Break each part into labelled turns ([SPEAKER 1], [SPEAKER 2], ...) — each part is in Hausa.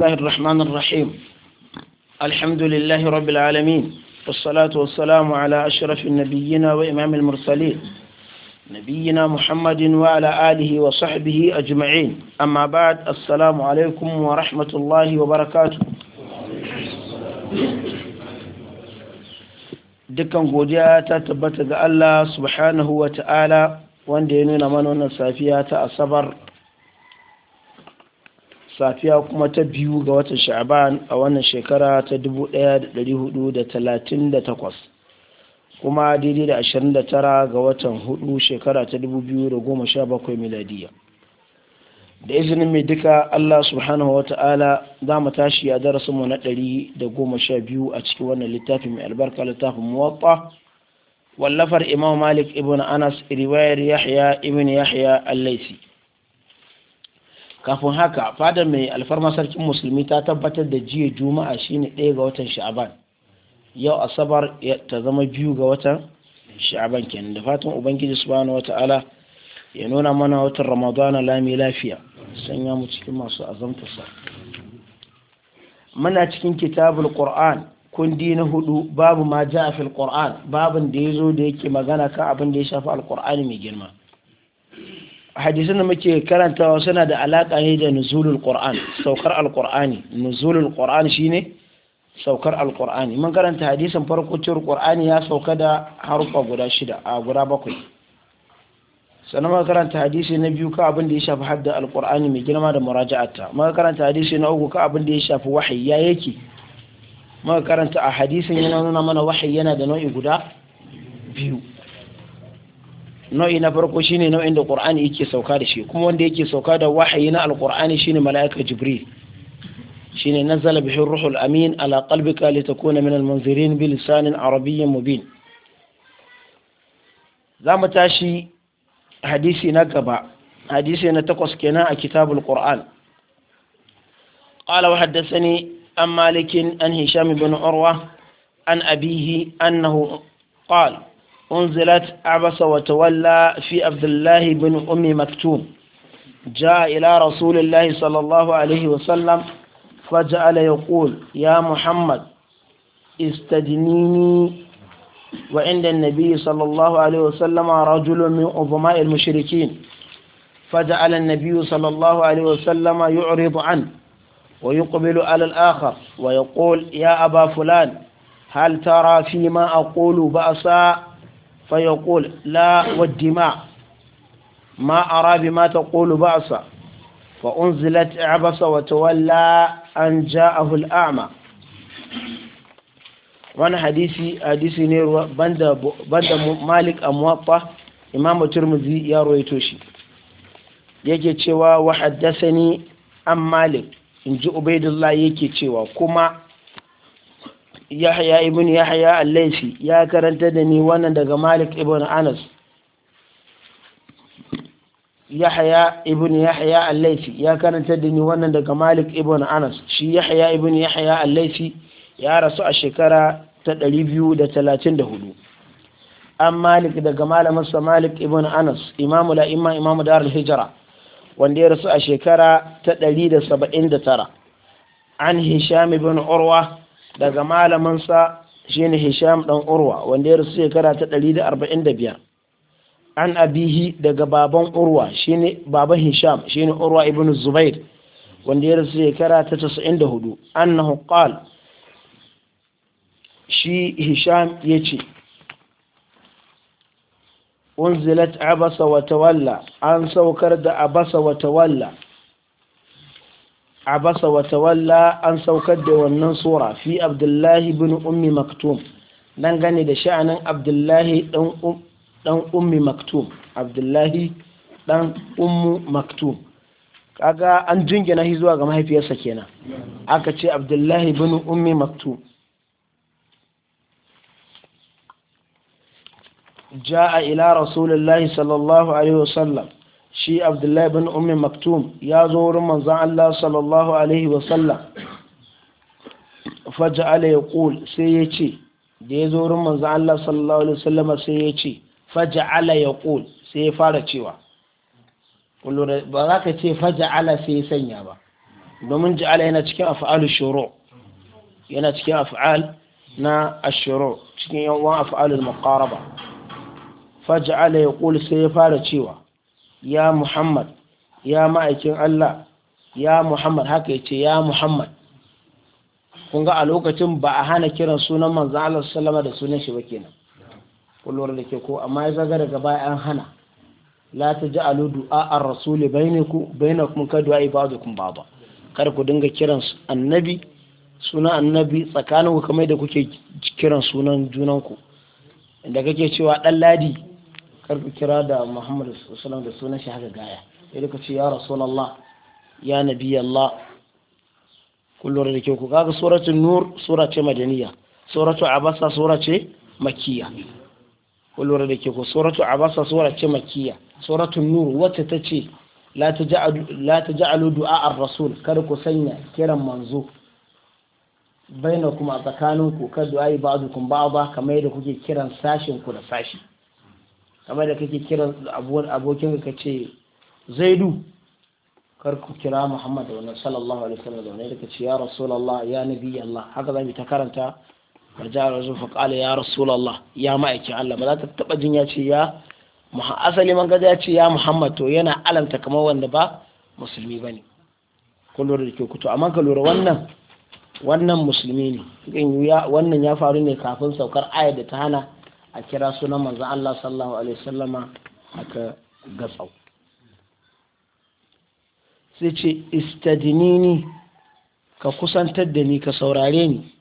[SPEAKER 1] الله الرحمن الرحيم الحمد لله رب العالمين والصلاة والسلام على أشرف النبيين وإمام المرسلين نبينا محمد وعلى آله وصحبه أجمعين أما بعد السلام عليكم ورحمة الله وبركاته دكان godiya ta الله سبحانه وتعالى وان دينونا ta'ala wanda الصبر safiya kuma ta biyu ga watan sha'aban a wannan shekara ta 1438 kuma daidai da 29 ga watan hudu shekara ta 2017 miladiya da izinin mai duka Allah subhanahu wa ta'ala za mu tashi a darasinmu na 112 a cikin wannan littafi mai albarka littafin muwatta wallafar imam malik ibn anas riwayar yahya ibn yahya al-laisi kafin haka fada mai alfarma sarkin musulmi ta tabbatar da jiya juma'a shine ɗaya ga watan sha'aban yau asabar ta zama biyu ga watan sha'aban kenan da fatan ubangiji subhanahu wata'ala ya nuna mana watan ramadana lami lafiya sanya mu cikin masu azamtarsa muna cikin kitabul qur'an kundi na hudu babu ma ja'a fil qur'an babin da yazo da yake magana kan abin da ya shafi alqur'ani mai girma hadisan da muke karantawa suna da alaƙa ne da nuzulul qur'an saukar alqur'ani nuzulul qur'an shine saukar alqur'ani mun karanta hadisin farko cewa qur'ani ya sauka da harfa guda shida a guda bakwai sannan muka karanta hadisi na biyu ka abin da ya shafi hadda alqur'ani mai girma da muraja'ata muka karanta hadisi na uku ka abin da ya shafi wahayi ya yake muka karanta a hadisin yana nuna mana wahayi yana da nau'i guda biyu nau'i na farko shine nau'in da qur'ani yake sauka da shi kuma wanda yake sauka da wahayi na alqur'ani shine mala'ika jibril shine nazala bihi ruhul amin ala qalbika litakuna min almunzirin bi lisanin arabiyyin mubin zamu tashi hadisi na gaba hadisi na takwas kenan a kitabul qur'an qala wa haddathani an malikin an hisham ibn urwa an abihi annahu qala أنزلت عبس وتولى في عبد الله بن أم مكتوم جاء إلى رسول الله صلى الله عليه وسلم فجعل يقول يا محمد استدنيني وعند النبي صلى الله عليه وسلم رجل من عظماء المشركين فجعل النبي صلى الله عليه وسلم يعرض عنه ويقبل على الآخر ويقول يا أبا فلان هل ترى فيما أقول بأسا فيقول لا والدماء ما أرى بما تقول بأسا فأنزلت عبس وتولى أن جاءه الأعمى wani hadisi hadisi ne banda banda Malik Amwatta Imam Tirmidhi ya rawaito shi yake cewa wa haddathani an Malik inji Ubaidullah yake cewa kuma yahya ibn yahya al-laythi ya karanta da ni wannan daga malik ibn anas yahya ibn yahya al-laythi ya karanta da ni wannan daga malik ibn anas shi yahya ibn yahya al-laythi ya rasu a shekara ta 234 an malik daga malamin malik ibn anas imamu la'imma imamu darul hijra wanda ya rasu a shekara ta 179 an hisham ibn urwa daga shi ne hisham ɗan urwa wanda ya rasu shekara ta 145 an abihi daga baban urwa shi ne baban hisham shi ne urwa ibn zubair wanda ya rasu shekara ta 94 annahu qala shi hisham yace unzilat abasa wa tawalla an saukar da abasa wa tawalla abasa wata walla an saukar da wannan sura fi abdullahi bin ummi maktum dangane da sha'anin abdullahi dan ummi maktum abdullahi dan ummu maktum kaga an jingina shi zuwa ga mahaifiyarsa kenan aka ce abdullahi bin ummi maktum ja'a ila rasulillahi sallallahu alaihi wasallam shi abdullahi bin ummi maktum ya zo wurin manzan Allah sallallahu alaihi wasallam faja'ala yaqul sai ya ce da ya zo wurin manzan Allah sallallahu alaihi wasallam sai ya ce Fajar faja'ala yaqul sai ya fara cewa ba za ka ce Fajar faja'ala sai ya sanya ba domin ja'ala yana cikin af'alu shuru yana cikin af'al na ashuru cikin yawan af'alul muqaraba faja'ala yaqul sai ya fara cewa ya muhammad ya ma'aikin Allah ya muhammad haka ya ce ya muhammad kun ga a lokacin ba a hana kiran sunan manzan Allah sallama da sunan shi ba kenan kun lura da ke ko amma ya zaga daga baya an hana la ta ji du'a ar rasuli bainaku bainakum ka du'a ibadukum baba kar ku dinga kiran annabi sunan annabi tsakanin ku kamar da kuke kiran sunan junanku Inda kake cewa dan ladi karfi kira da muhammadu sallallahu da sunan shi haka gaya ya duka ce ya rasulallah ya nabi allah kullum da ke ku ga suratul nur sura ce madaniya suratul abasa sura ce makiya kullum da ke ku suratul abasa sura ce makiya suratul nur wacce ta ce la taj'alu du'a ar-rasul kada ku sanya kiran manzo bainakum a tsakaninku kada ba ba'dukum ba'da kamar yadda kuke kiran sashin ku da sashi kamar da kake kira abokin ka ce zaidu kar ku kira muhammad da wannan sallallahu alaihi wasallam da wannan da ce ya rasulullah ya nabi allah haka zamu ta karanta ja rasul fa qala ya rasulullah ya ma'aikin allah ba za ta taba jin ya ce ya asali man gaza ya ce ya muhammad to yana alanta kamar wanda ba musulmi bane kun lura da ke kuto amma ka lura wannan wannan musulmi ne wannan ya faru ne kafin saukar ayar da ta hana a kira sunan manzo Allah sallallahu alaihi wasallama aka gatsau sai ce istadinini ka kusantar da ni ka saurare ni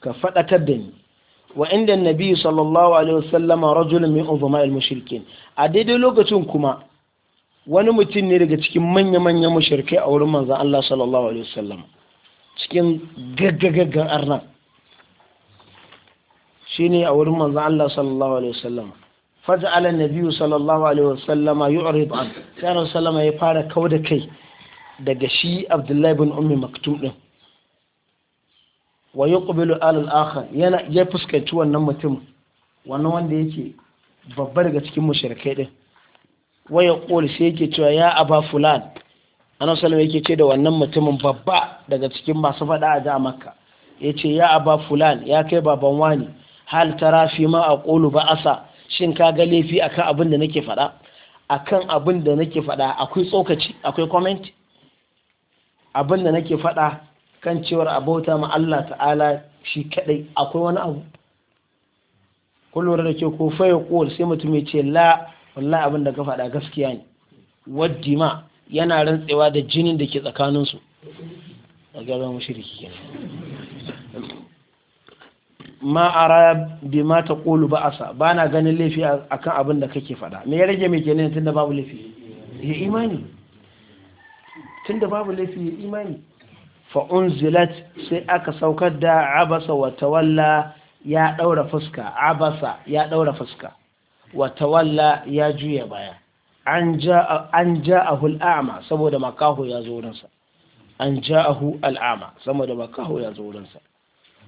[SPEAKER 1] ka faɗakar da ni wa inda nabi sallallahu alaihi wasallama rajulun min uzama al mushrikin a daidai lokacin kuma wani mutum ne daga cikin manya-manyan mushrikai a wurin manzon Allah sallallahu alaihi wasallama cikin gaggagaggan arna. shine a wurin manzon Allah sallallahu alaihi wasallam faj'al an-nabiy sallallahu alaihi wasallama yu'rid an sai Annabi sallama ya fara kauda kai daga shi Abdullahi bin Ummi Maktum din wa yuqbilu al-akhar yana ya fuskanci wannan mutum wannan wanda yake babba daga cikin mushrikai din wa yaqul sai yake cewa ya aba fulan Annabi sallama yake ce da wannan mutumin babba daga cikin masu fada a Makka yace ya aba fulan ya kai baban wani hal tara fi ma aqulu ba asa shin ka ga laifi akan abin da nake faɗa akan abin da nake faɗa akwai tsokaci akwai comment abin da nake faɗa kan cewar abota ma Allah ta'ala shi kadai akwai wani abu kun lura da ke ko faya kowal sai mutum ya ce la wallahi abin da ka faɗa gaskiya ne waddi ma yana rantsewa da jinin da ke tsakaninsu a gaza mushriki kenan ma ara bi ma ta ƙolu ba asa ba na ganin laifi akan abin da kake faɗa me ya rage mai kenan tunda babu laifi ya imani tunda babu laifi ya imani fa unzilat sai aka saukar da abasa wa tawalla ya ɗaura fuska abasa ya ɗaura fuska wa tawalla ya juya baya an ja a al'ama saboda makaho ya zo wurinsa an ja ja'ahu al'ama saboda makaho ya zo wurinsa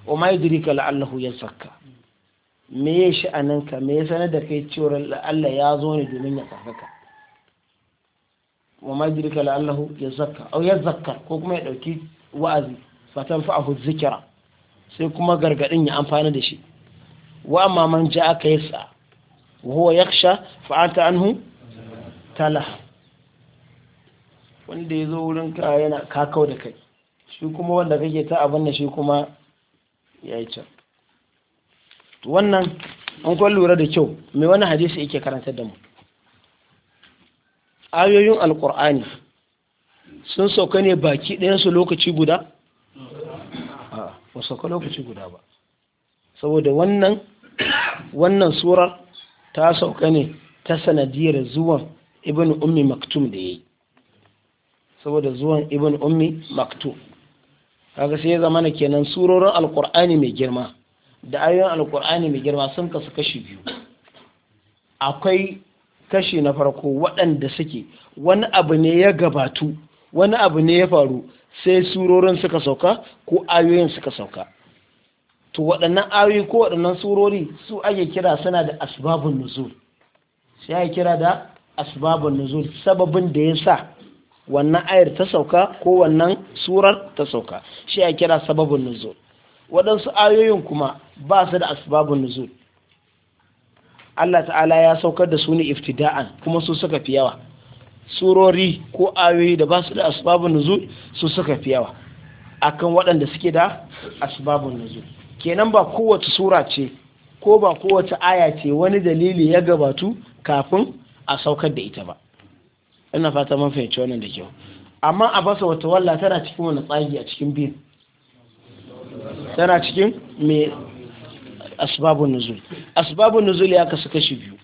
[SPEAKER 1] wa ma yudrika la'allahu yazakka me ya sha'aninka me ya sanar da kai cewar Allah ya zo ne domin ya tsarkaka wa ma yudrika la'allahu au aw yazakkar ko kuma ya dauki wa'azi fatan fa'ahu zikra sai kuma gargadin ya amfana da shi wa amma man ja'aka yas'a wa huwa yakhsha fa anta anhu tala wanda ya zo wurinka yana kakau da kai shi kuma wanda kake ta abin da shi kuma ya yi can wannan an kwan lura da kyau mai wani hadisi yake karantar da mu ayoyin alkur'ani sun sauka ne baki ɗayansu lokaci guda? ba sauka lokaci guda ba saboda wannan wannan surar ta sauka ne ta sanadiyar zuwan ibn ummi maktum da ya yi saboda zuwan ibn ummi maktum kaga sai ya zama na kenan surorin alkur'ani mai girma da ayoyin alkur'ani mai girma sun kasu kashi biyu akwai kashi na farko waɗanda suke wani abu ne ya gabatu wani abu ne ya faru sai surorin suka sauka ko ayoyin suka sauka to waɗannan ayoyi ko waɗannan surori su ake kira suna da asbabun nuzul sai ake kira da asbabun nuzul sababin da ya sa wannan ayar ta sauka ko wannan surar ta sauka shi a kira sababin nuzul waɗansu ayoyin kuma ba su da asbabun nuzul Allah ta'ala ya saukar da su ne iftida'an kuma su suka fi yawa surori ko ayoyi da ba su da asbabun nuzul su suka fi yawa akan waɗanda suke da asbabun nuzul kenan ba kowace sura ce ko ba kowace aya ce wani dalili ya gabatu kafin a saukar da ita ba ina fata man fahimci wannan da kyau amma a basa wata walla tana cikin wani tsagi a cikin biyu tana cikin mai asbabun nuzul asbabun nuzul ya kasu kashi biyu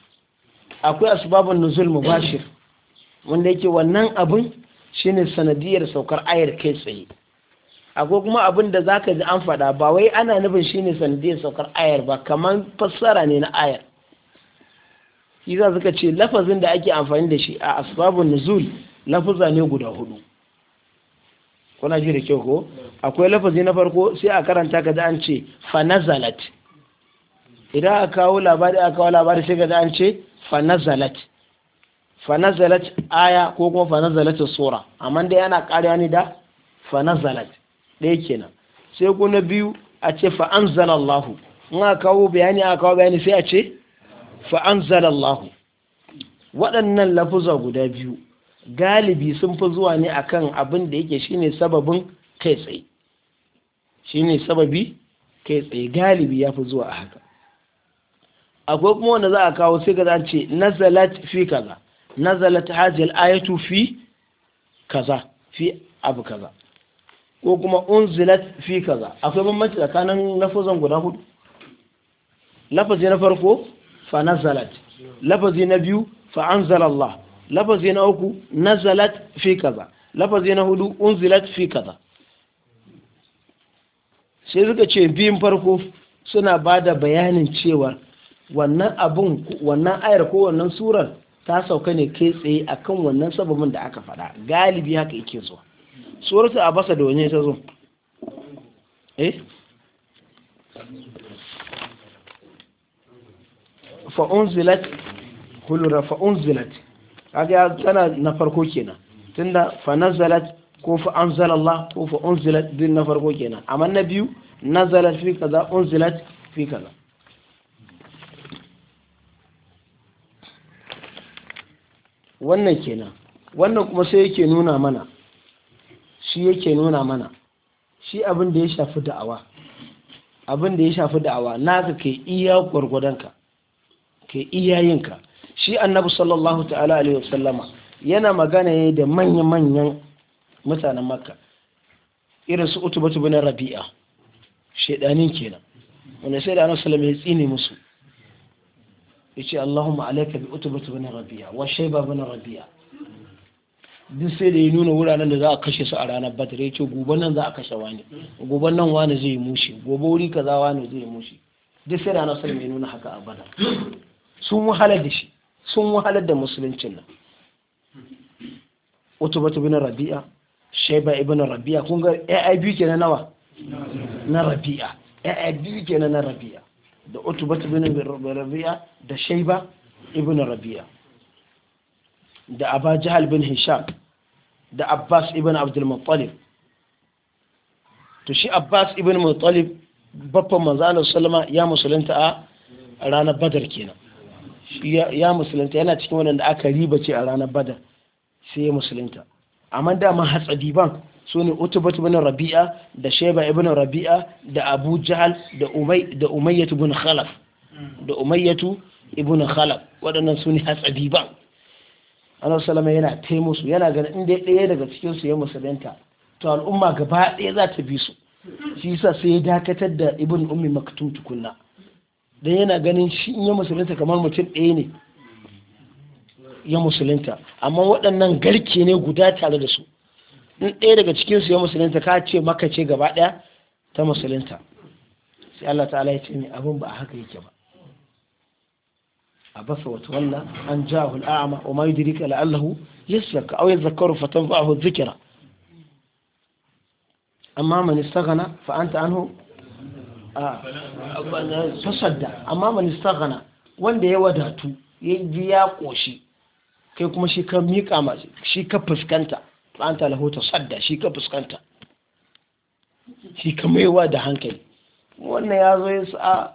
[SPEAKER 1] akwai asbabun nuzul mubashir wanda yake wannan abin shine sanadiyar saukar ayar kai tsaye akwai kuma abin da zaka ji an faɗa ba wai ana nufin shine sanadiyar saukar ayar ba kamar fassara ne na ayar shi za suka ce lafazin da ake amfani da shi a asbabun nuzul lafaza ne guda hudu kuna ji da kyau ko akwai lafazi na farko sai a karanta ka an ce fanazalat idan a kawo labari a kawo labari sai ka an ce fanazalat fanazalat aya ko kuma fanazalat sura amma dai ana karewa ne da fanazalat ɗaya kenan sai ko na biyu a ce fa anzalallahu in a kawo bayani a kawo bayani sai a ce fa'anzalallahu waɗannan lafuza guda biyu galibi sun fi zuwa ne akan abin da yake shine sababin kai tsaye shine sababi kai tsaye galibi ya fi zuwa a haka akwai kuma wanda za a kawo sai ka ce nazalat fi kaza nazalat hajjal ayatu fi kaza fi abu kaza ko kuma unzilat fi kaza akwai bambanci tsakanin lafuzan guda hudu lafazi na farko fa nazalat lafazi na biyu fa anzalallah lafazi na uku nazalat fi kaza lafazi na hudu unzilat fi kaza sai suka ce biyun farko suna ba da bayanin cewa wannan wannan ayar ko wannan surar ta sauka ne kai tsaye akan wannan sababin da aka faɗa galibi haka yake zuwa suratu a basa da wani ta zo eh? fa'unzilat hulura fa'unzilat kaga tana na farko kenan tunda fa fa’unzilat ko fa ko fa unzilat din na farko kenan amma na biyu nazalat fi kaza unzilat fi kaza wannan kenan wannan kuma sai yake nuna mana shi yake nuna mana shi abin da ya shafi da'awa abin da ya shafi da'awa naka kai iya gwargwadonka ke iyayenka shi annabi sallallahu ta'ala alaihi wasallama yana magana ne da manya-manyan mutanen makka irin su utuba tuba na rabi'a shaidanin kenan wanda sai da annabi sallallahu ya tsine musu yace Allahumma alayka bi utuba tuba na rabi'a wa shayba bin rabi'a duk sai da ya nuna wuraren da za a kashe su a ranar batar ya ce gobe nan za a kashe wani gobe nan wani zai yi mushi gobe wuri kaza wani zai yi mushi duk sai da annabi sallallahu ya nuna haka a badar sun wahalar da shi sun wahalar da musuluncin nan bi na rabi'a shaiba na rabi'a kun ga ai biyu kenan nawa na rabi'a ai biyu kenan na rabi'a da bi na rabi'a da shaiba na rabi'a da aba Jihar bin hisham da abbas ibn abdul muttalib to shi abbas ibn na baffan manzo Allah salama ya musulunta a ranar badar kenan ya musulunta yana cikin wadanda aka riba ce a ranar badar sai ya musulunta amma dama diban su ne utubat ibn rabi'a da sheba ibn rabi'a da abu jahal da umay da umayyatu ibn khalaf da umayyatu ibn khalaf waɗannan su ne ban Allah salama yana taimo su yana ganin inda ɗaya daga cikin su ya musulunta to al'umma gaba ɗaya za ta bi su shi yasa sai ya dakatar da ibn ummi maktum tukunna da yana ganin shi in ya musulunta kamar mutum ɗaya ne ya musulunta amma waɗannan garke ne guda tare da su in ɗaya daga cikinsu ya musulunta ka ce maka ce gaba ɗaya ta musulunta sai Allah ta'ala ya ce ne abin ba a haka yake ba a basa wata wannan an ja'ahul a'ama wa ma yudrika la'allahu yaslaka ba a fatanfa'ahu zikira amma mani sagana fa anta anhu fasadda amma man istaghana wanda ya wadatu ya ji ya koshi kai kuma shi ka miƙa masu shi ka fuskanta to ta lahota sadda shi ka fuskanta shi ka maiwa da hankali wannan ya zo ya sa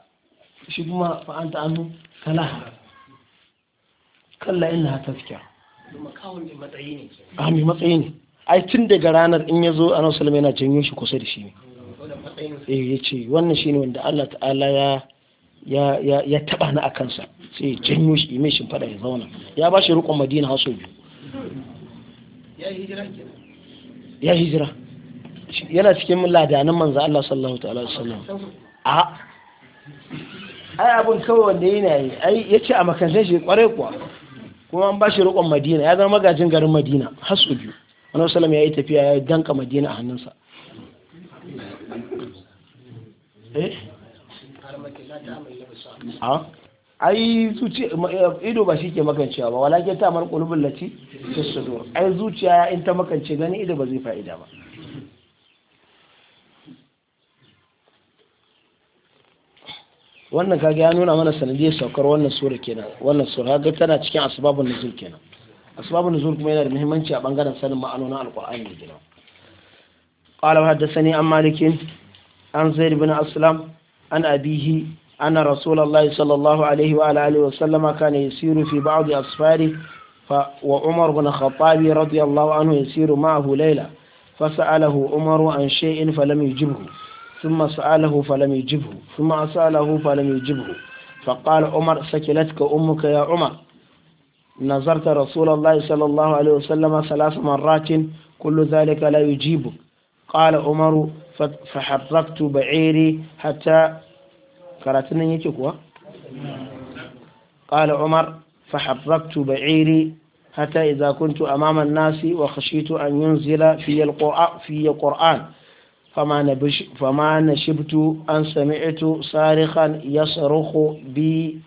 [SPEAKER 1] shi kuma fa an ta annu kalaha kalla inna tafkiya a mai matsayi ne ai tun daga ranar in ya zo a salama yana janyo shi kusa da shi ne eh ce wannan shine wanda Allah ta'ala ya ya ya ya taba ni akan sa sai ya janyo shi mai shin fada ya zauna ya ba shi rukun Madina haso biyu ya hijira ya hijira yana cikin ladanan manzo Allah sallallahu ta'ala alaihi a ai abun kawai wanda yana yi ai yace a makantan shi kwarai kuwa kuma an ba shi rukun Madina ya zama magajin garin Madina haso biyu Annabi sallallahu ya yi tafiya ya danka Madina a hannunsa eh ai zuciya eh, ido ba shi ke makancewa ba walakin ta mar qulubul lati tasudur ai zuciya in ta makance gani ido ba zai fa'ida ba wannan ga ya nuna mana sanadiyar saukar wannan sura kenan wannan sura ga tana cikin asbabun nuzul kenan asbabun nuzul kuma yana da muhimmanci a bangaren sanin ma'anonin alqur'ani da girma قال وحدثني عن مالك عن زيد بن أسلم عن أبيه أن رسول الله صلى الله عليه وعلى آله وسلم كان يسير في بعض أسفاره وعمر بن الخطاب رضي الله عنه يسير معه ليلة فسأله عمر عن شيء فلم يجبه ثم سأله فلم يجبه ثم سأله فلم يجبه فقال عمر سكلتك أمك يا عمر نظرت رسول الله صلى الله عليه وسلم ثلاث مرات كل ذلك لا يجيبك qala umaru yake kuwa qala umar fa harraftu ba'iri hatta kuntu amama nasi wa khashitu an yunzila fi al-qur'an fi al-qur'an فما نشبت أن سمعت صارخا يصرخ بي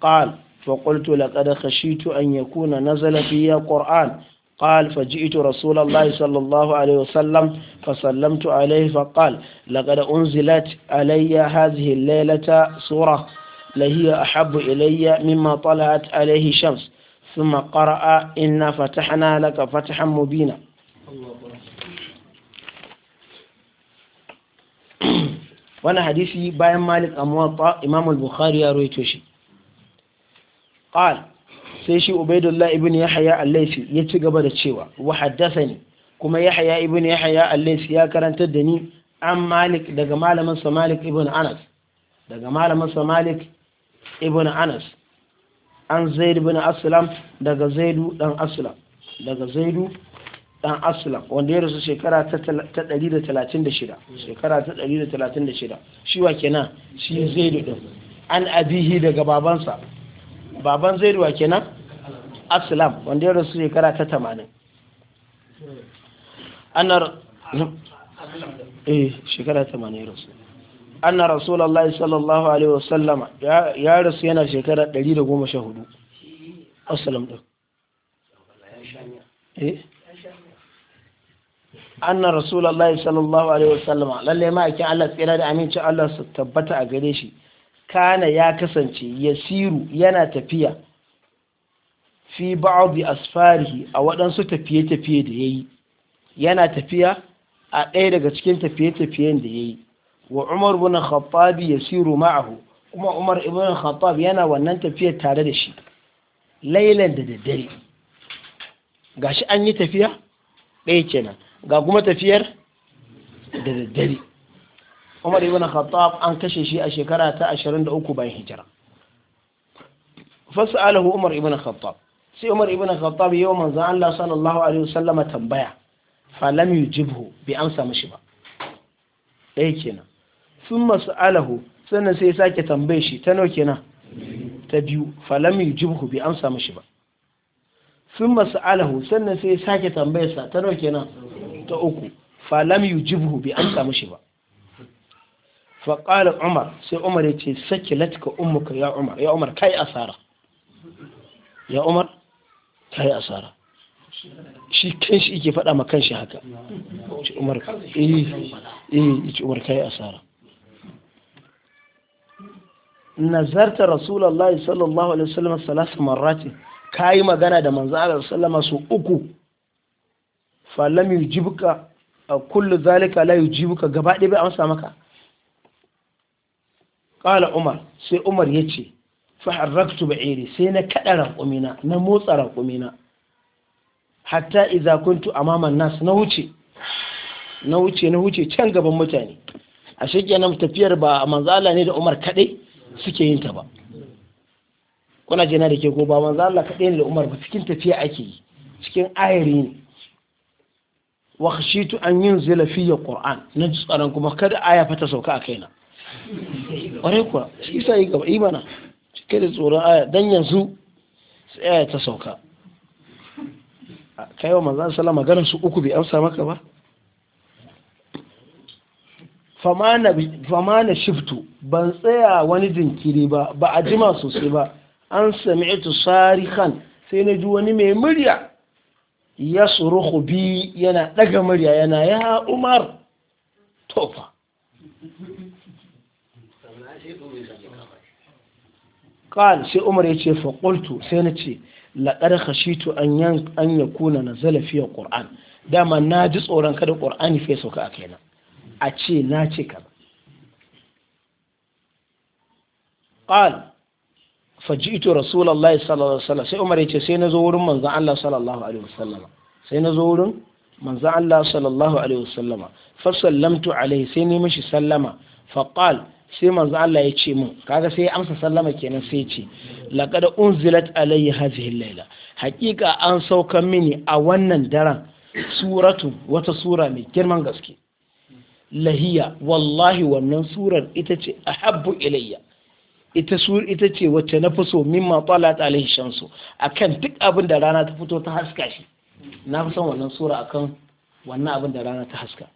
[SPEAKER 1] قال فقلت لقد خشيت أن يكون نزل في قرآن قال فجئت رسول الله صلى الله عليه وسلم فسلمت عليه فقال لقد أنزلت علي هذه الليلة سورة لهي أحب إلي مما طلعت عليه شمس ثم قرأ إنا فتحنا لك فتحا مبينا وانا حديثي باين مالك أموطا إمام البخاري يا رويتوشي قال sai shi ubaidullah ibn yahya al-laysi ya ci gaba da cewa wa haddathani kuma yahya ibn yahya al-laysi ya karantar da ni an malik daga malamin sa malik ibn anas daga malamin sa malik ibn anas an zaid ibn aslam daga zaidu dan aslam daga zaidu dan aslam wanda ya rasu shekara ta 136 shekara ta 136 shi wa kenan shi zaidu din an abihi daga babansa baban zai ruwa kenan aslam wanda ya rasu shekara ta tamanin annar eh shekara rasu anna rasulallah sallallahu alaihi wasallam ya rasu yana shekara 114 aslam din eh anna rasulallah sallallahu alaihi wasallam lalle ma yake Allah tsira da aminci Allah su tabbata a gare shi kana ya kasance yasiru yana tafiya fi ba'd asfarihi a waɗansu tafiye-tafiye da yayi yana tafiya a ɗaya daga cikin tafiye-tafiyen da yayi wa Umar ibn Khattab yasiru ma'ahu kuma Umar ibn Khattab yana wannan tafiya tare da shi lailan da daddare gashi an yi tafiya ɗaya kenan ga kuma tafiyar da daddare umar ibn khattab an kashe shi a shekara ta 23 bayan hijira fasalahu umar ibn khattab sai umar ibn khattab yau manzon Allah sallallahu alaihi wasallam tambaya falam yujibhu bi amsa mashi ba dai kenan sun masalahu sannan sai ya sake tambaye shi ta nawa kenan ta biyu falam yujibhu bi amsa mashi ba sun masalahu sannan sai ya sake tambaye sa ta nawa kenan ta uku falam yujibhu bi amsa mashi ba faƙalin umar sai umar ya ce saki latka ummuka ya umar ya umar kai asara ya umar kai asara shi kan shi faɗa ma kanshi haka
[SPEAKER 2] ce umar eh
[SPEAKER 1] eh ce umar kai asara nazarta rasulullahi sallallahu alaihi wasallam salasa marrati kayi magana da manzo Allah uku falam yujibka a kullu zalika la yujibka gaba ɗaya bai amsa maka ƙala umar sai umar ya ce ba ba'iri sai na kaɗa raƙumina na motsa raƙumina hatta iza kuntu amaman nas na wuce na wuce na wuce can gaban mutane a na tafiyar ba a manzala ne da umar kaɗai suke yin ta ba kuna jina da ke ko ba manzala kaɗai ne da umar ba cikin tafiya ake yi cikin ayari ne wa an yin zila fiye qur'an na tsaron kuma kada aya fata sauka a kaina ƙwarai kuwa shi sa yi gaba imana cike da tsoron aya dan yanzu sai aya ta sauka kai wa manzan sallah maganar su uku bai amsa maka ba fama na shiftu ban tsaya wani jinkiri ba ba a jima sosai ba an sami ita sami'tu sarihan sai na ji wani mai murya ya suruhu bi yana daga murya yana ya umar tofa قال سي عمر يجي فقلت سينتي لقد خشيت ان ين ان يكون نزل في القران دما ناجي tsoron kada qur'ani fa sauka a kaina a ce na ce قال فجئت رسول الله صلى الله عليه وسلم sai Umar yace sai nazo wurin Allah sallallahu alaihi wasallama sai nazo sallama fa sai manzo Allah ya ce min kaga sai amsa sallama kenan sai ce laqad unzilat alayhi hadhihi al-laila haqiqa an sauka mini a wannan daren suratu wata sura mai girman gaske lahiya wallahi wannan surar ita ce ahabbu ilayya ita sura ita ce wacce na fi so mimma talat alayhi shamsu akan duk abin da rana ta fito ta haska shi na fi son wannan sura akan wannan abin da rana ta haska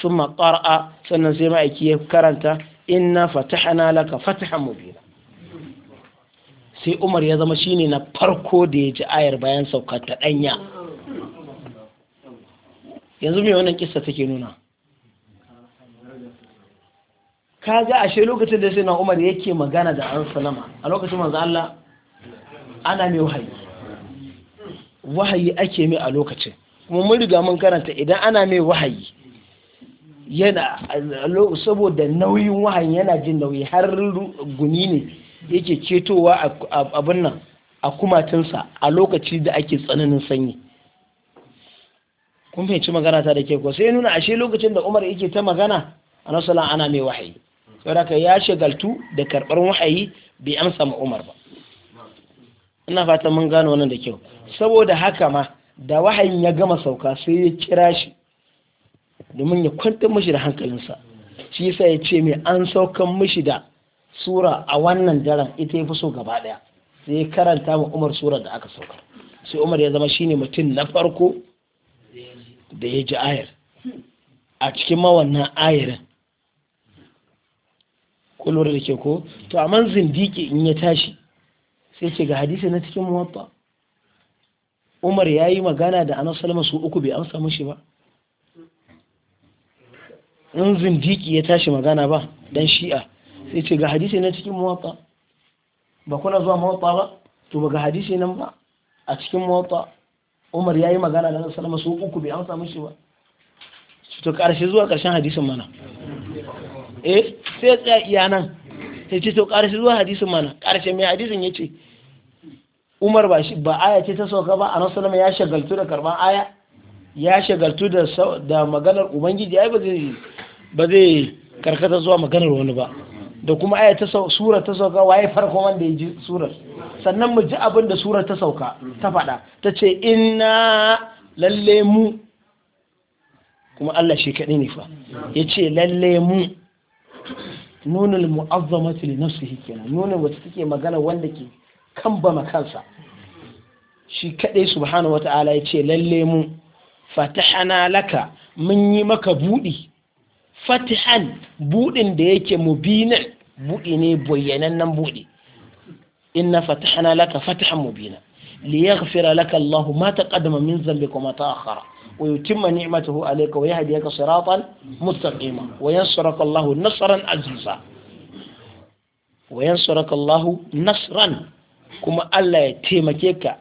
[SPEAKER 1] summa qara'a sannan sai ma'aiki ya karanta inna fatahna laka fatahan mubina sai Umar ya zama shine na farko da ya ji ayar bayan saukar ta danya yanzu me wannan kissa take nuna kaga ashe lokacin da sai na Umar yake magana da an salama. a lokacin manzo Allah ana mai wahayi wahayi ake mai a lokacin kuma mun riga mun karanta idan ana mai wahayi yana saboda nauyin wahan yana jin nauyi har guni ne yake cetowa abin nan a kumatinsa a lokaci da ake tsananin sanyi kun fahimci magana ta da ke ko sai nuna ashe lokacin da umar yake ta magana a nasala ana mai wahayi saboda ya shagaltu da karbar wahayi bai amsa ma umar ba ina fata mun gano wannan da kyau saboda haka ma da wahayin ya gama sauka sai ya kira shi domin ya kwanta mashi da hankalinsa shi yasa ya ce mai an saukan mashi da sura a wannan daren ita ya fi so gaba daya sai ya karanta ma umar sura da aka sauka. sai umar ya zama shine mutum na farko da ya ji ayar a cikin mawannan ayarin kullum da ke ko to a man zindiki in ya tashi sai ce ga hadisi na cikin muwatta umar ya yi magana da anas su uku bai amsa mashi ba in zindiki ya tashi magana ba dan shi'a sai ce ga hadisi na cikin mawata ba kuna zuwa mawata ba to ba ga hadisi nan ba a cikin mawata Umar ya yi magana da Annabi masu uku bai amsa mishi ba to karshe zuwa karshen hadisin mana eh sai tsaya iya nan sai ce to karshe zuwa hadisin mana karshe mai hadisin ce? Umar ba shi ba aya ce ta sauka ba a sallallahu ya shagaltu da karban aya ya shagaltu da maganar ubangiji ai ba zai karkata zuwa maganar wani ba da kuma aya ta sura ta sauka waye farko wanda ya ji surar sannan mu ji abin da surar ta sauka ta faɗa ta ce inna lalle mu kuma Allah shi kaɗai ne fa ya ce lalle mu nunul mu'azzamati li nafsihi kenan nunul wata take magana wanda ke kan ba kansa shi kaɗai subhanahu wata'ala ya ce lalle mu fatahana laka mun yi maka buɗi fatihan buɗin da yake mubinan buɗi ne bayyanannen buɗi inna fatahana laka fatahan mubina li yaghfira laka Allah ma taqaddama min dhanbika wa ma ta'akhara wa yutimma ni'matahu alayka wa yahdiyaka siratan mustaqima wa yansuruka Allah nasran aziza wa yansuruka Allah nasran kuma Allah ya taimake ka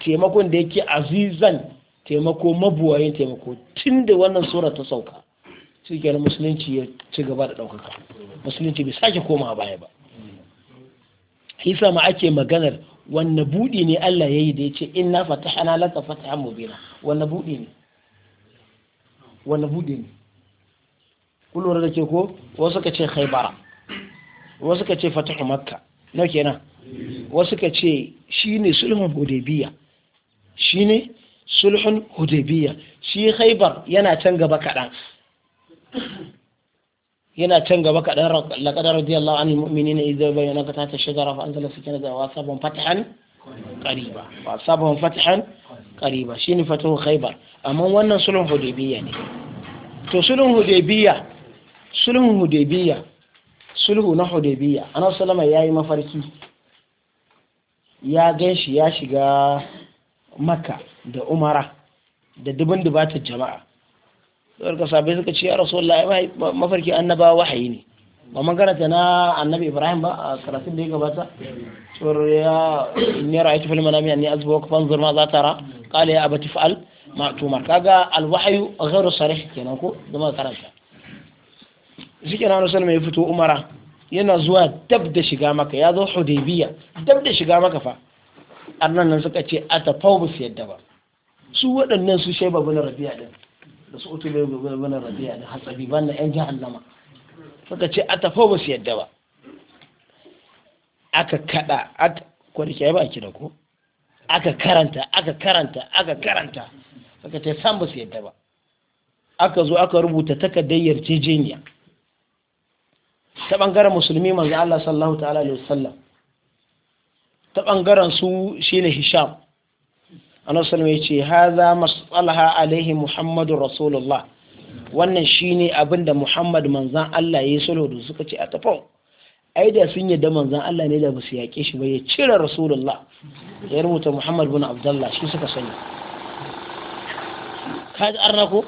[SPEAKER 1] taimakon da yake azizan taimako mabuwayin taimako tun da wannan sura ta sauka cikin musulunci ya ci gaba da ɗaukaka musulunci bai sake koma baya ba hisa ma ake maganar wanne buɗi ne Allah ya yi da ya ce inna fatahana laka fatahan mubina wanne buɗi ne wanne buɗi ne ku lura da ke ko wasu ka ce khaybara wasu ka ce fatahu makka na kenan wasu ka ce shine sulhun hudaybiya shine sulhun hudaybiya shi khaybar yana can gaba kadan yana can gaba kadan laqad radiyallahu anil mu'minina idza bayyana ka tata shajara fa anzala sakinata wa sabon fathan qariba wa sabon fathan qariba shine fatu khaybar amma wannan sulhun hudaybiya ne to sulhun hudaybiya sulhun hudaybiya sulhu na hudaybiya annabi sallama yayi mafarki ya ganshi ya shiga makka da umara da dubin dubatar jama'a sai ka sabai suka ce ya ya mafarki annabawa wahayi ne ba ta na annabi ibrahim ba a karatun da ya gabata cewar ya ne ra'aytu fil manami anni azbuka kafan zurma za tara kala ya abati fa'al ma kaga alwahayu wahyu ghairu sarih kenan ko da ma karanta shi kenan rasul mai fito umara yana zuwa dab da shiga maka ya zo hudaybiya dab da shiga maka fa annan nan suka ce faubus yadda ba su waɗannan su shaiba na rabi'a din da su utu bai na rabi'a din hatsabi ban na yan jahannama suka ce a tafa ba su yadda ba aka kada aka kwarki ba ki da ko aka karanta aka karanta aka karanta suka ce san ba su yadda ba aka zo aka rubuta takardar jejeniya ta bangaren musulmi manzo Allah sallallahu ta'ala alaihi wasallam ta bangaren su shine Hisham anasalama ya ce haza masalaha alaihi muhammadu rasulullah wannan shine abin da muhammad manzan allah ya yi sulhu da suka ce a tafau ai da sun yadda manzan allah ne da ba su yaƙe shi ba ya cire rasulullah ya rubuta muhammad bin abdullah shi suka sani ka ji arna ko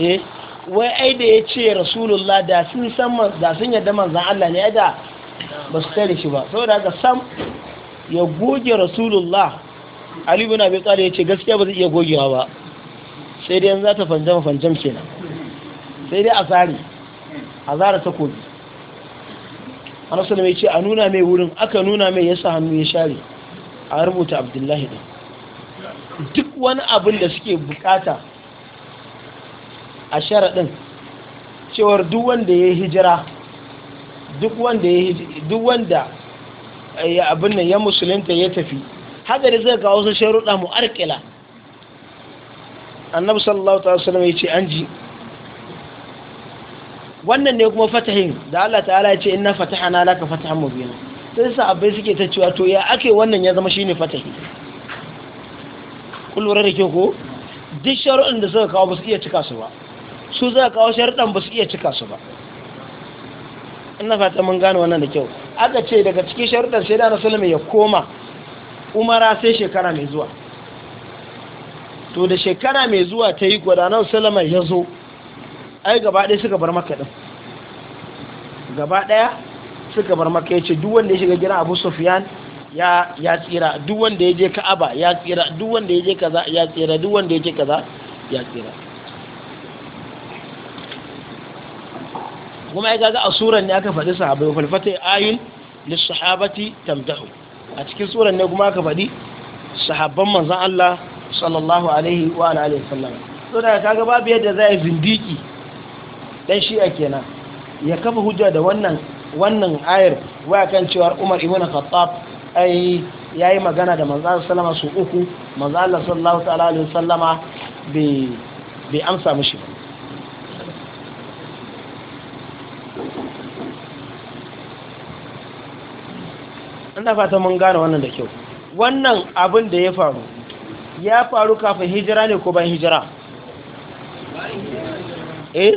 [SPEAKER 1] eh wai ai da ya ce rasulullah da sun san da sun yadda manzan Allah ne da ba su tare shi ba saboda ga sam ya goge rasulullah ali bin abi talib yace gaskiya ba zai iya gogewa ba sai dai yanzu za ta fanjama fanjam kenan sai dai a tsari a zara takobi ana sallama ya ce a nuna mai wurin aka nuna mai yasa hannu ya share a rubuta abdullahi din duk wani abin da suke bukata a sharaɗin cewar duk wanda ya hijira duk wanda ya abin nan ya musulunta ya tafi haka da suka kawo su sharuɗa mu arƙila annabi sallallahu ta'ala salama ya ce an ji wannan ne kuma fatahin da Allah ta'ala ya ce inna fatahana laka mu biyu sai sa abai suke ta cewa to ya ake wannan ya zama shine fatahi kun lura da ke ko duk sharuɗin da suka kawo ba su iya cika su ba su za kawo sharuɗan ba su iya cika su ba ina fata mun gane wannan da kyau aka ce daga cikin sharuɗan sai da na salama ya koma umara sai shekara mai zuwa to da shekara mai zuwa ta yi gudanar salama ya zo ai gaba ɗaya suka bar maka ɗin gaba ɗaya suka bar maka ya ce duk wanda ya shiga gina abu sufiyan ya tsira duk wanda ya je ka'aba ya tsira duk wanda ya je kaza ya tsira duk wanda ya je kaza ya tsira kuma ya gaga a suran ne aka faɗi sahabai falfata ayun lissahabati tamtahu a cikin tsoron ne kuma aka faɗi sahabban manzan Allah sallallahu alaihi wa alihi wasallam so da ga babu yadda za a zindiki dan shi'a kenan ya kafa hujja da wannan wannan ayar waya kan cewa Umar ibn Khattab ai yayi magana da manzan sallama su uku manzan Allah sallallahu alaihi wasallama bai bai amsa mashi ba ina fata mun gane wannan da kyau wannan abin da ya faru ya faru kafin hijira ne ko bayan hijira eh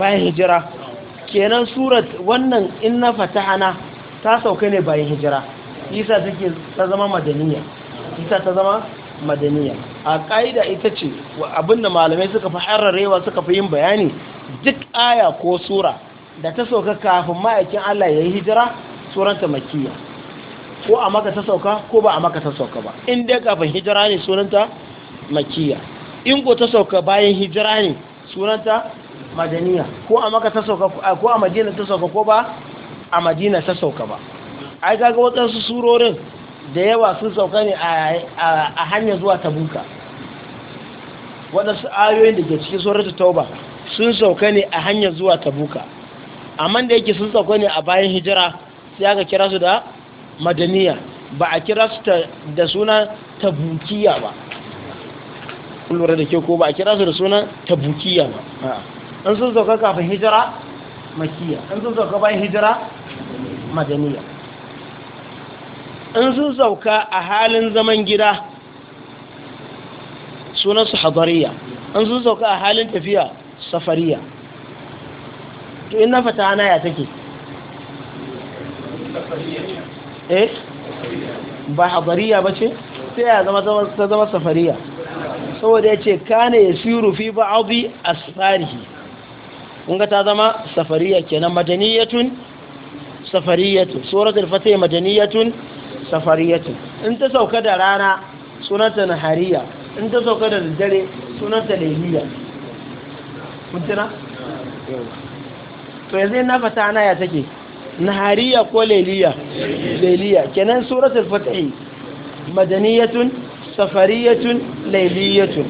[SPEAKER 1] bayan hijira kenan surat wannan inna fatahana ta sauka ne bayan hijira isa take ta zama madaniya isa ta zama madaniya a ƙa'ida ita ce abinda malamai suka fi hararewa suka fi yin bayani duk aya ko sura da ta sauka kafin ma'aikin Allah ya yi hijira suranta makiyya ko a maka ta sauka ko ba a maka ta sauka ba in dai kafin hijira ne sunanta makiya in ko ta sauka bayan hijira ne sunanta madaniya ko a maka ta sauka ko a madina ta sauka ko ba a madina ta sauka ba ai kaga su surorin da yawa sun sauka ne a hanya zuwa tabuka wadansu ayoyin da ke cikin suratu tauba sun sauka ne a hanyar zuwa tabuka amma da yake sun sauka ne a bayan hijira sai aka kira su da madaniya ba a kira su da suna tabukiya ba lura da ke ko ba a kira su da suna tabukiya ba in sun sauka kafin hijira makiya in sun sauka bayan hijira madaniya in sun sauka a halin zaman gida su hadariya in sun sauka a halin tafiya safariya to in na fata ana ya take eh ba hadariya ba ce sai ya zama ta zama safariya saboda ya ce kane ya siru fi ba'adi asfarihi kunga ta zama safariya kenan madaniyatun safariyatun suratul fatih madaniyatun safariyatu. in ta sauka da rana sunanta nahariya in ta sauka da dare sunanta lailiya mutuna to yanzu na fata ana ya take nahariya ko lailiya lailiya kenan suratul fatih madaniyatun safariyatun lailiyatun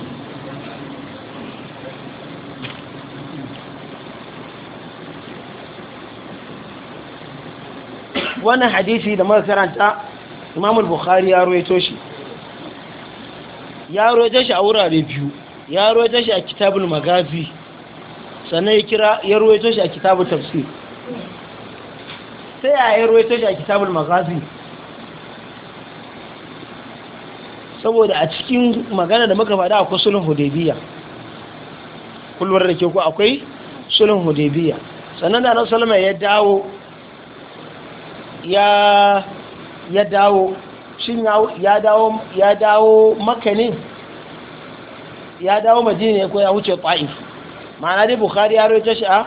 [SPEAKER 1] wannan hadisi da makaranta imam al-bukhari ya roito shi ya roito shi a wurare biyu ya roito shi a kitabul magazi sannan ya kira ya roito shi a kitabul tafsir ta yaya ruwaito shi a kitabul magazi saboda a cikin magana da muka fada akwai sulhun hudebiya. kulwar da ke ku akwai sulhun hudebiya. sannan da nan salama ya dawo ya ya dawo shin ya dawo ya dawo maka ya dawo madina ko ya wuce ta'if ma'ana dai bukhari ya rawaito shi a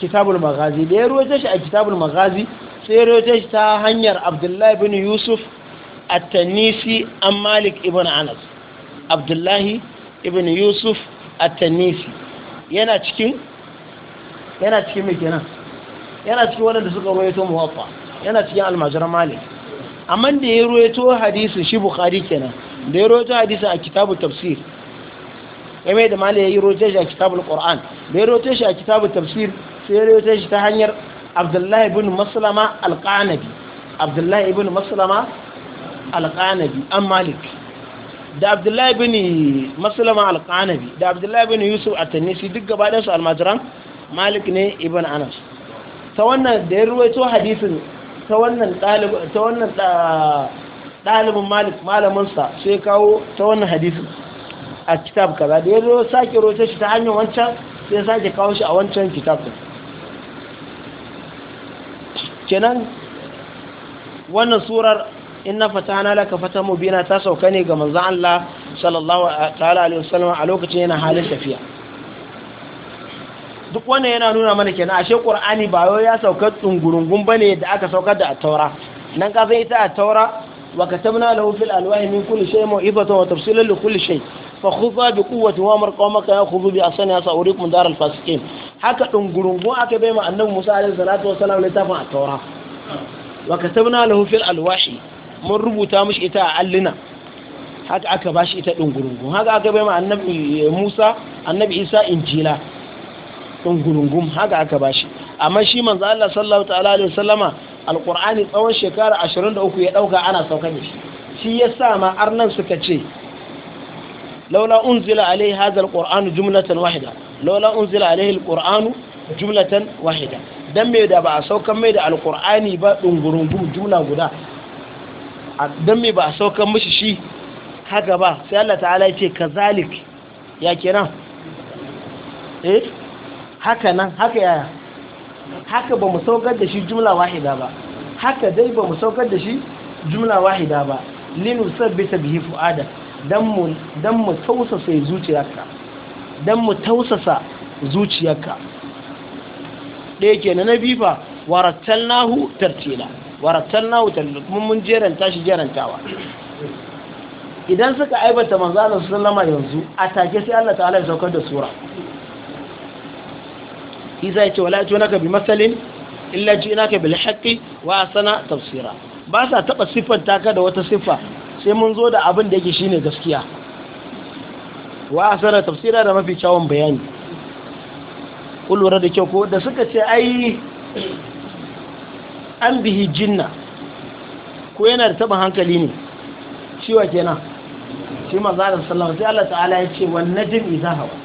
[SPEAKER 1] kitabul maghazi da ya ruwaito shi a kitabul maghazi sai ya ruwaito shi ta hanyar abdullahi bin yusuf at-tanisi an malik ibn anas abdullahi ibn yusuf at-tanisi yana cikin yana cikin mai kenan yana cikin waɗanda suka ruwaito muwaffa yana cikin almajiran malik amma da ya ruwaito hadisi shi bukhari kenan da ya ruwaito hadisi a kitabu tafsir game da malik ya yi ruwaito shi a kitabul qur'an da ya ruwaito shi a kitabul tafsir sai ya shi ta hanyar abdullahi ibn maslama alƙanabi abdullahi ibn maslama alƙanabi an malik da abdullahi ibn maslama alƙanabi da abdullahi ibn yusuf a tanisi duk gabaɗinsu almajiran malik ne ibn anas ta wannan da ya rawaito hadisin ta wannan ta wannan ɗalibin malik malaminsa sai kawo ta wannan hadisin a kitab kaza da ya zo sake rote shi ta hanyar wancan sai sake kawo shi a wancan kitab kaza kenan wannan surar inna fatahna laka fatan mubina ta sauka ne ga manzon Allah sallallahu ta'ala alaihi wasallam a lokacin yana halin tafiya duk wannan yana nuna mana kenan ashe qur'ani ba yau ya sauka ba bane da aka saukar da at-taura nan ka sai ita at-taura wa katabna lahu fil alwahi min kulli shay maw'izatan wa tafsilan li kulli shay' amr qawmaka ya khudhu bi asani سأريكم daral الفاسقين haka ɗungurungun aka bai ma annabi musa alaihi salatu wasalam littafin a taura wa katabna lahu fil alwahi mun rubuta mishi ita a allina haka aka bashi ita ɗungurungun haka aka bai ma annabi musa annabi isa injila ɗungurungun haka aka bashi amma shi manzo Allah sallallahu ta'ala alaihi wasallama alqur'ani tsawon shekara 23 ya dauka ana saukar da shi shi yasa ma arnan suka ce laula unzila alaihi da ba a ba a saukan mishi shi haka ba sai Allah ta'ala ya ce kazalik ya kenan haka nan haka yaya haka ba mu saukar da shi jumla wahida ba haka dai ba mu saukar da shi jumla wahida ba linu sabbita bihi fu'ada don mu tausasa zuciyarka don mu tausasa zuciyarka ɗaya ke na nabifa warattal nahu tartila warattal nahu tartila kuma mun jeranta shi jerantawa idan suka aibata manzalar sun lama yanzu a take sai Allah ta'ala ya saukar da sura isa ya ce wala ce naka bi matsalin illa ji naka bil haqqi wa sana tafsira ba sa taba siffanta ka da wata siffa sai mun zo da abin da yake shine gaskiya wa asara tafsira da mafi kyawun bayani kullura da kyau ko da suka ce ai an bihi jinna ko yana da taba hankali ne cewa kenan shi alaihi wasallam sai Allah ta'ala ya ce wan najm za hawa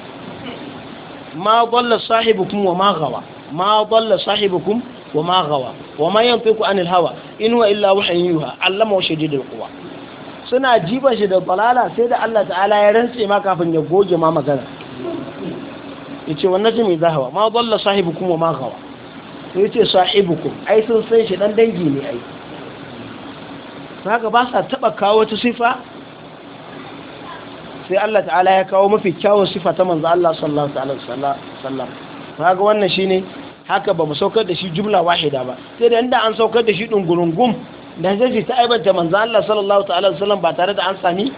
[SPEAKER 1] ma dalla sahibukum wa ma gawa ma dalla sahibukum wa ma gawa wa ma yanfiku anil hawa in huwa illa wahyuha allama wa shadidul quwa suna jiban shi da balala sai da Allah ta'ala ya rantse ma kafin ya goge ma magana ya ce wannan jimi mai zahawa. ma dalla sahibukum wa ma gawa ya ce sahibukum ai sun san shi dan dangi ne ai saka ba sa taba kawo wata sifa sai Allah ta'ala ya kawo mafi kyawun sifa ta manzo Allah sallallahu alaihi wasallam saka wannan shine haka ba mu saukar da shi jumla wahida ba sai da inda an saukar da shi dungurungum dangaji ta aibanta manzo Allah sallallahu ta'ala wasallam ba tare da an sami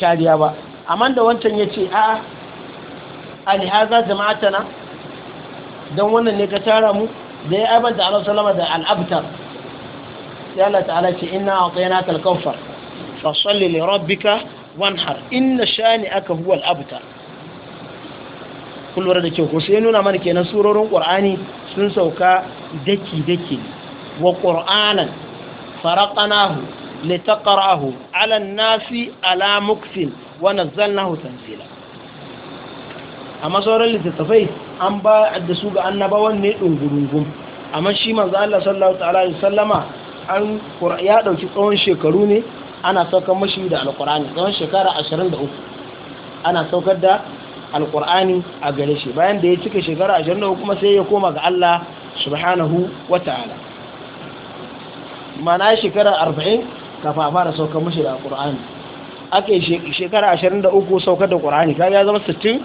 [SPEAKER 1] kariya ba amma da wancan yace a alihaza jama'atana don wannan ne ka tara mu da ya aibanta Allah sallama da al-abtar ya Allah ta'ala ce inna a'tainaka al-kawthar fasalli li rabbika wanhar inna shani'aka huwa al-abtar da kyau ko sai nuna mana kenan surorin qur'ani sun sauka daki daki wa qur'anan فرقناه لتقرأه على الناس على مكف ونزلناه تنزيلا amma sauran littattafai an ba da su ga annabawan ne ɗungurungun amma shi manzo Allah sallallahu an ya ɗauki tsawon shekaru ne ana saukar mashi da alƙur'ani tsawon shekara 23 ana saukar da alƙur'ani a gare shi bayan da ya cika shekara 23 kuma sai ya koma ga Allah subhanahu wa ta'ala mana shekarar arba'in a fara sauka mashi da ƙura'ani ake shekara ashirin da uku sauka da ƙur'ani ka zama sittin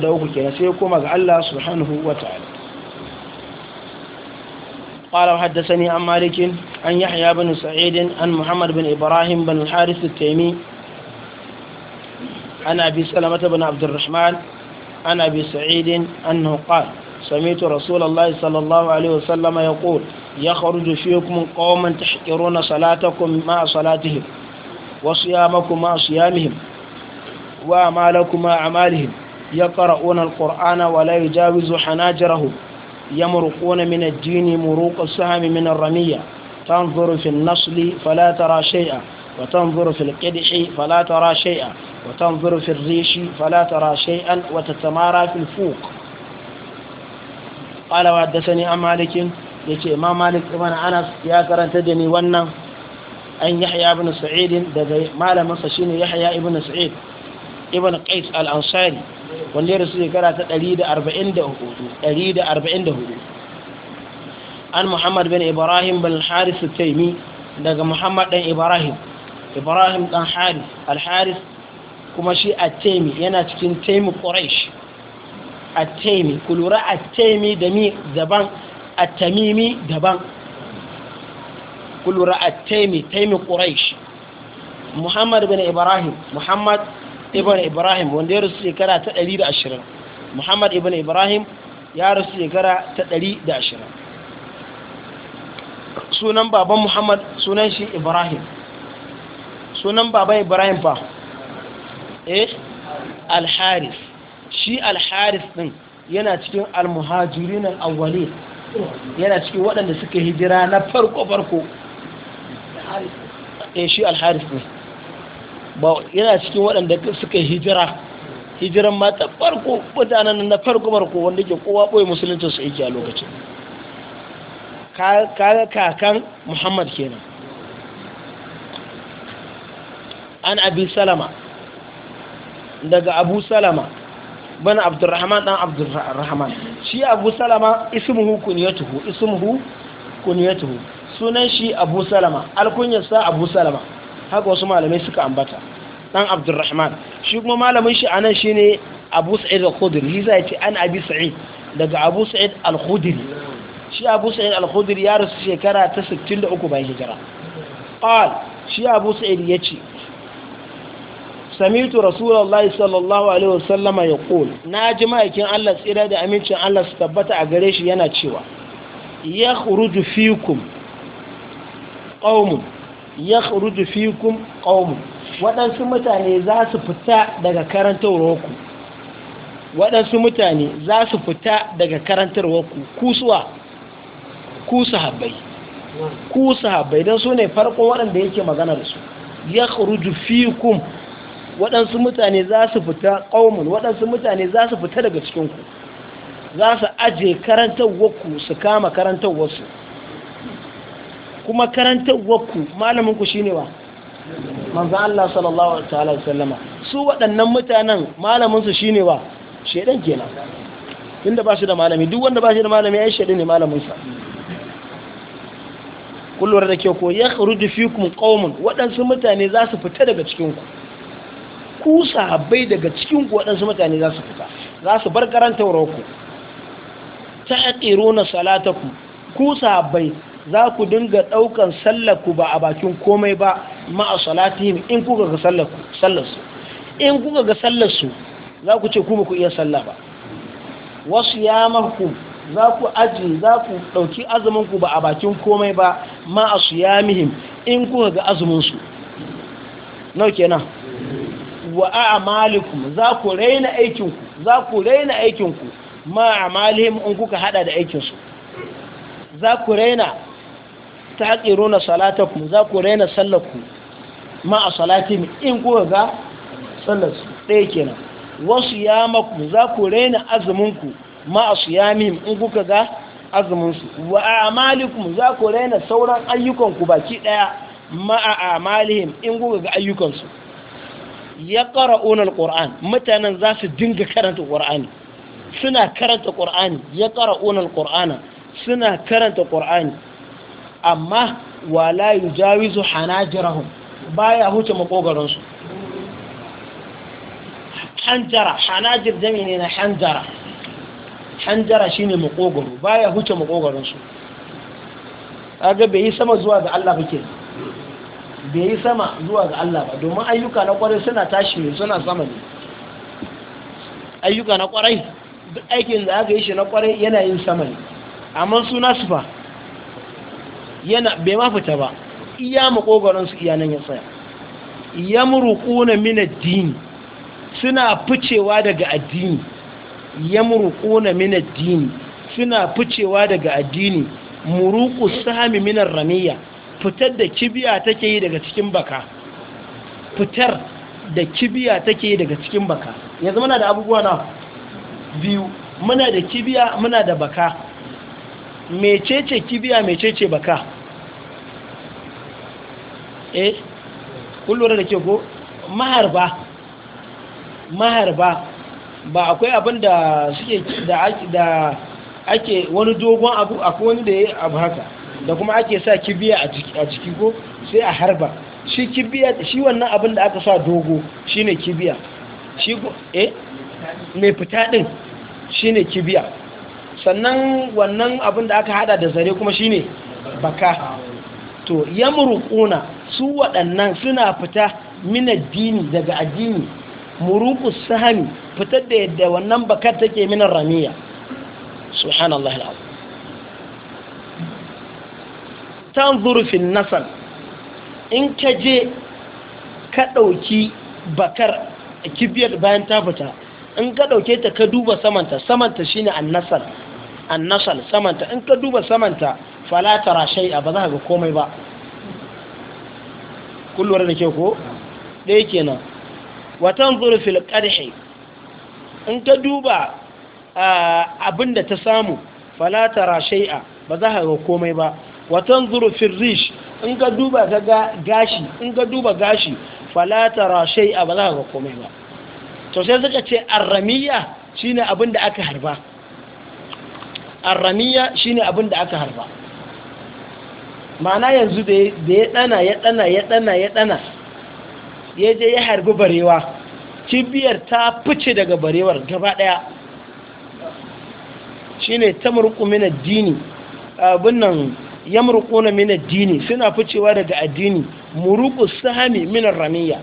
[SPEAKER 1] da uku ke sai kuma ga Allah su hannu wata'ala ƙwara haddasa ne an malikin an yahya haya bin sa'idin an muhammad bin ibrahim bin haris taimi ana bi salamata bin abdurrahman ana bi sa'idin an nuƙar سمعت رسول الله صلى الله عليه وسلم يقول يخرج فيكم قوما تحقرون صلاتكم مع صلاتهم وصيامكم مع صيامهم وأعمالكم مع أعمالهم يقرؤون القرآن ولا يجاوز حناجرهم يمرقون من الدين مروق السهم من الرمية تنظر في النصل فلا ترى شيئا وتنظر في القدح فلا ترى شيئا وتنظر في الريش فلا ترى شيئا وتتمارى في الفوق qala wa haddathani an ya ce ma malik ibn anas ya karanta da ni wannan an yahya ibn sa'id daga malamin sa shine yahya ibn sa'id ibn qais al-ansari wanda ya rasu shekara ta 144 an muhammad bin ibrahim bin haris taimi daga muhammad dan ibrahim ibrahim dan haris al-haris kuma shi a taimi yana cikin taimi quraish at-taimi ku da mi daban at daban kulura lura taimi quraish muhammad ibn ibrahim muhammad ibn ibrahim wanda ya rusu shekara ta 120 muhammad ibn ibrahim ya rusu shekara ta 120 sunan baban muhammad sunan shi ibrahim sunan baban ibrahim ba eh shi al-haris din yana cikin al-muhajirin al yana cikin waɗanda suka hijira na farko farko eh shi al-haris ba yana cikin waɗanda suka hijira hijiran ma ta farko mutanen na farko farko wanda ke kowa boye musulunci su yake a lokacin kaga kakan muhammad kenan an abi salama daga abu salama bana abdurrahman dan abdurrahman shi abu salama ismuhu kunyatuhu ismuhu kunyatuhu sunan shi abu salama alkunyarsa abu salama haka wasu malamai suka ambata dan abdurrahman shi kuma malamin shi anan shine abu sa'id al-khudri shi zai ce an abi sa'id daga abu sa'id al-khudri shi abu sa'id al-khudri ya rasu shekara ta 63 bayan hijira qal shi abu sa'id yace samitu rasulullahi sallallahu alaihi wasallama ya kul na ji ma'aikin Allah tsira da amincin Allah su tabbata a gare shi yana cewa ya khuruju fikum ƙaumun ya fi fikum ƙaumun waɗansu mutane za su fita daga ku, waɗansu mutane za su fita daga karantar ku kusuwa ku sahabbai ku sahabbai don su ne farkon waɗanda yake magana da su ya fi fikum waɗansu mutane za su fita ƙaumin waɗansu mutane za su fita daga cikinku za su aje karantarwarku su kama karantarwarsu kuma karantarwarku malaminku shi ne wa manzan Allah sallallahu ta'ala wasallama su waɗannan mutanen malaminsu shi ne wa shaidan kenan inda ba shi da malami duk wanda ba shi da malami ya yi shaidan ne malaminsa kullum da ke ko ya kuma waɗansu mutane za su fita daga cikinku ku sahabbai daga cikin ku waɗansu mutane za su fita za su bar karanta ku ta aƙiro na salataku ku sahabbai za ku dinga ɗaukan sallaku ba a bakin komai ba ma'a salatihim in kuka ga sallarsu in kuka ga sallarsu za ku ce ku ba ku iya sallah ba wasu ya mahu za ku aji za ku ɗauki azuminku ba a bakin komai ba ma'a su ya mihim in kuka ga azuminsu nau kenan wa a'malikum za ku raina ku za ku raina aikinku ma a'malihim in kuka hada da aikinsu za ku raina taqiruna salatakum za ku raina sallaku ma a salatin in kuka ga su ɗaya kenan wasu yamaku za ku raina ku ma a siyamim in kuka ga su wa a'malikum za ku raina sauran ayyukanku baki ɗaya ma a amalihim in kuka ga ayyukansu ya ƙara'unar ƙor'an mutanen za su dinga karanta ƙor'ani suna karanta ƙor'ani ya ƙara'unar ƙor'ana suna karanta ƙor'ani amma wala yi jawizu ba baya huce makogaransu hanjara hanajir jami ne na hanjara hanjara shi ne makogaro baya huce makogaransu aga bai yi sama zuwa ga Allah bai yi sama zuwa ga Allah ba domin ayyuka na kwarai suna tashi ne suna sama ne ayyuka na kwarai duk aikin da aka yi shi na kwarai yana yin sama ne amma suna su fa yana bai ma fita ba iya makogoron su iyanan ya tsaya Ya yamruquna min mina dini suna ficewa daga addini Ya yamruquna min mina dini suna ficewa daga addini muruqu sahmi sami ar-ramiyya fitar da kibiya take yi daga cikin baka fitar da kibiya take yi daga cikin baka yanzu muna da abubuwa na biyu muna da kibiya muna da baka mecece kibiya mecece baka eh kullura da ke ko maharba maharba ba akwai abin da suke da ake wani dogon abu akwai wani da ya abu haka da kuma ake sa kibiya a ciki ko sai a harba shi kibiya shi wannan abin da aka sa dogo shine kibiya shi eh mai fita din shine kibiya sannan wannan abin da aka hada da zare kuma shine baka to yamruquna su waɗannan suna fita min addini daga addini muruqus sahmi fitar da yadda wannan bakar take min ramiya subhanallahi alazim tanzuru fil nasar in ka je ka ɗauki bakar a kibiyar bayan ta fita in ka ɗauke ta ka duba samanta samanta shine annasal annasal samanta in ka duba samanta fala tara a ba za ka ga komai ba kullum da ke ko ɗaya kenan watan zurfil ƙarhe in ka duba ah, abin da ta samu falatara a ba za ka ga komai ba watan zuru firrish in ga duba ka gashi in ga duba gashi falata rashai a ba za ka komai ba to sai suka ce arramiya shine abin da aka harba arramiya shine abin da aka harba ma'ana yanzu da ya dana ya dana ya dana ya dana ya je ya harbi barewa cibiyar ta fice daga barewar gaba daya shine tamurku min addini abin nan yamruquna min ad-dini suna ficewa daga addini muruqus sahmi min ar-ramiya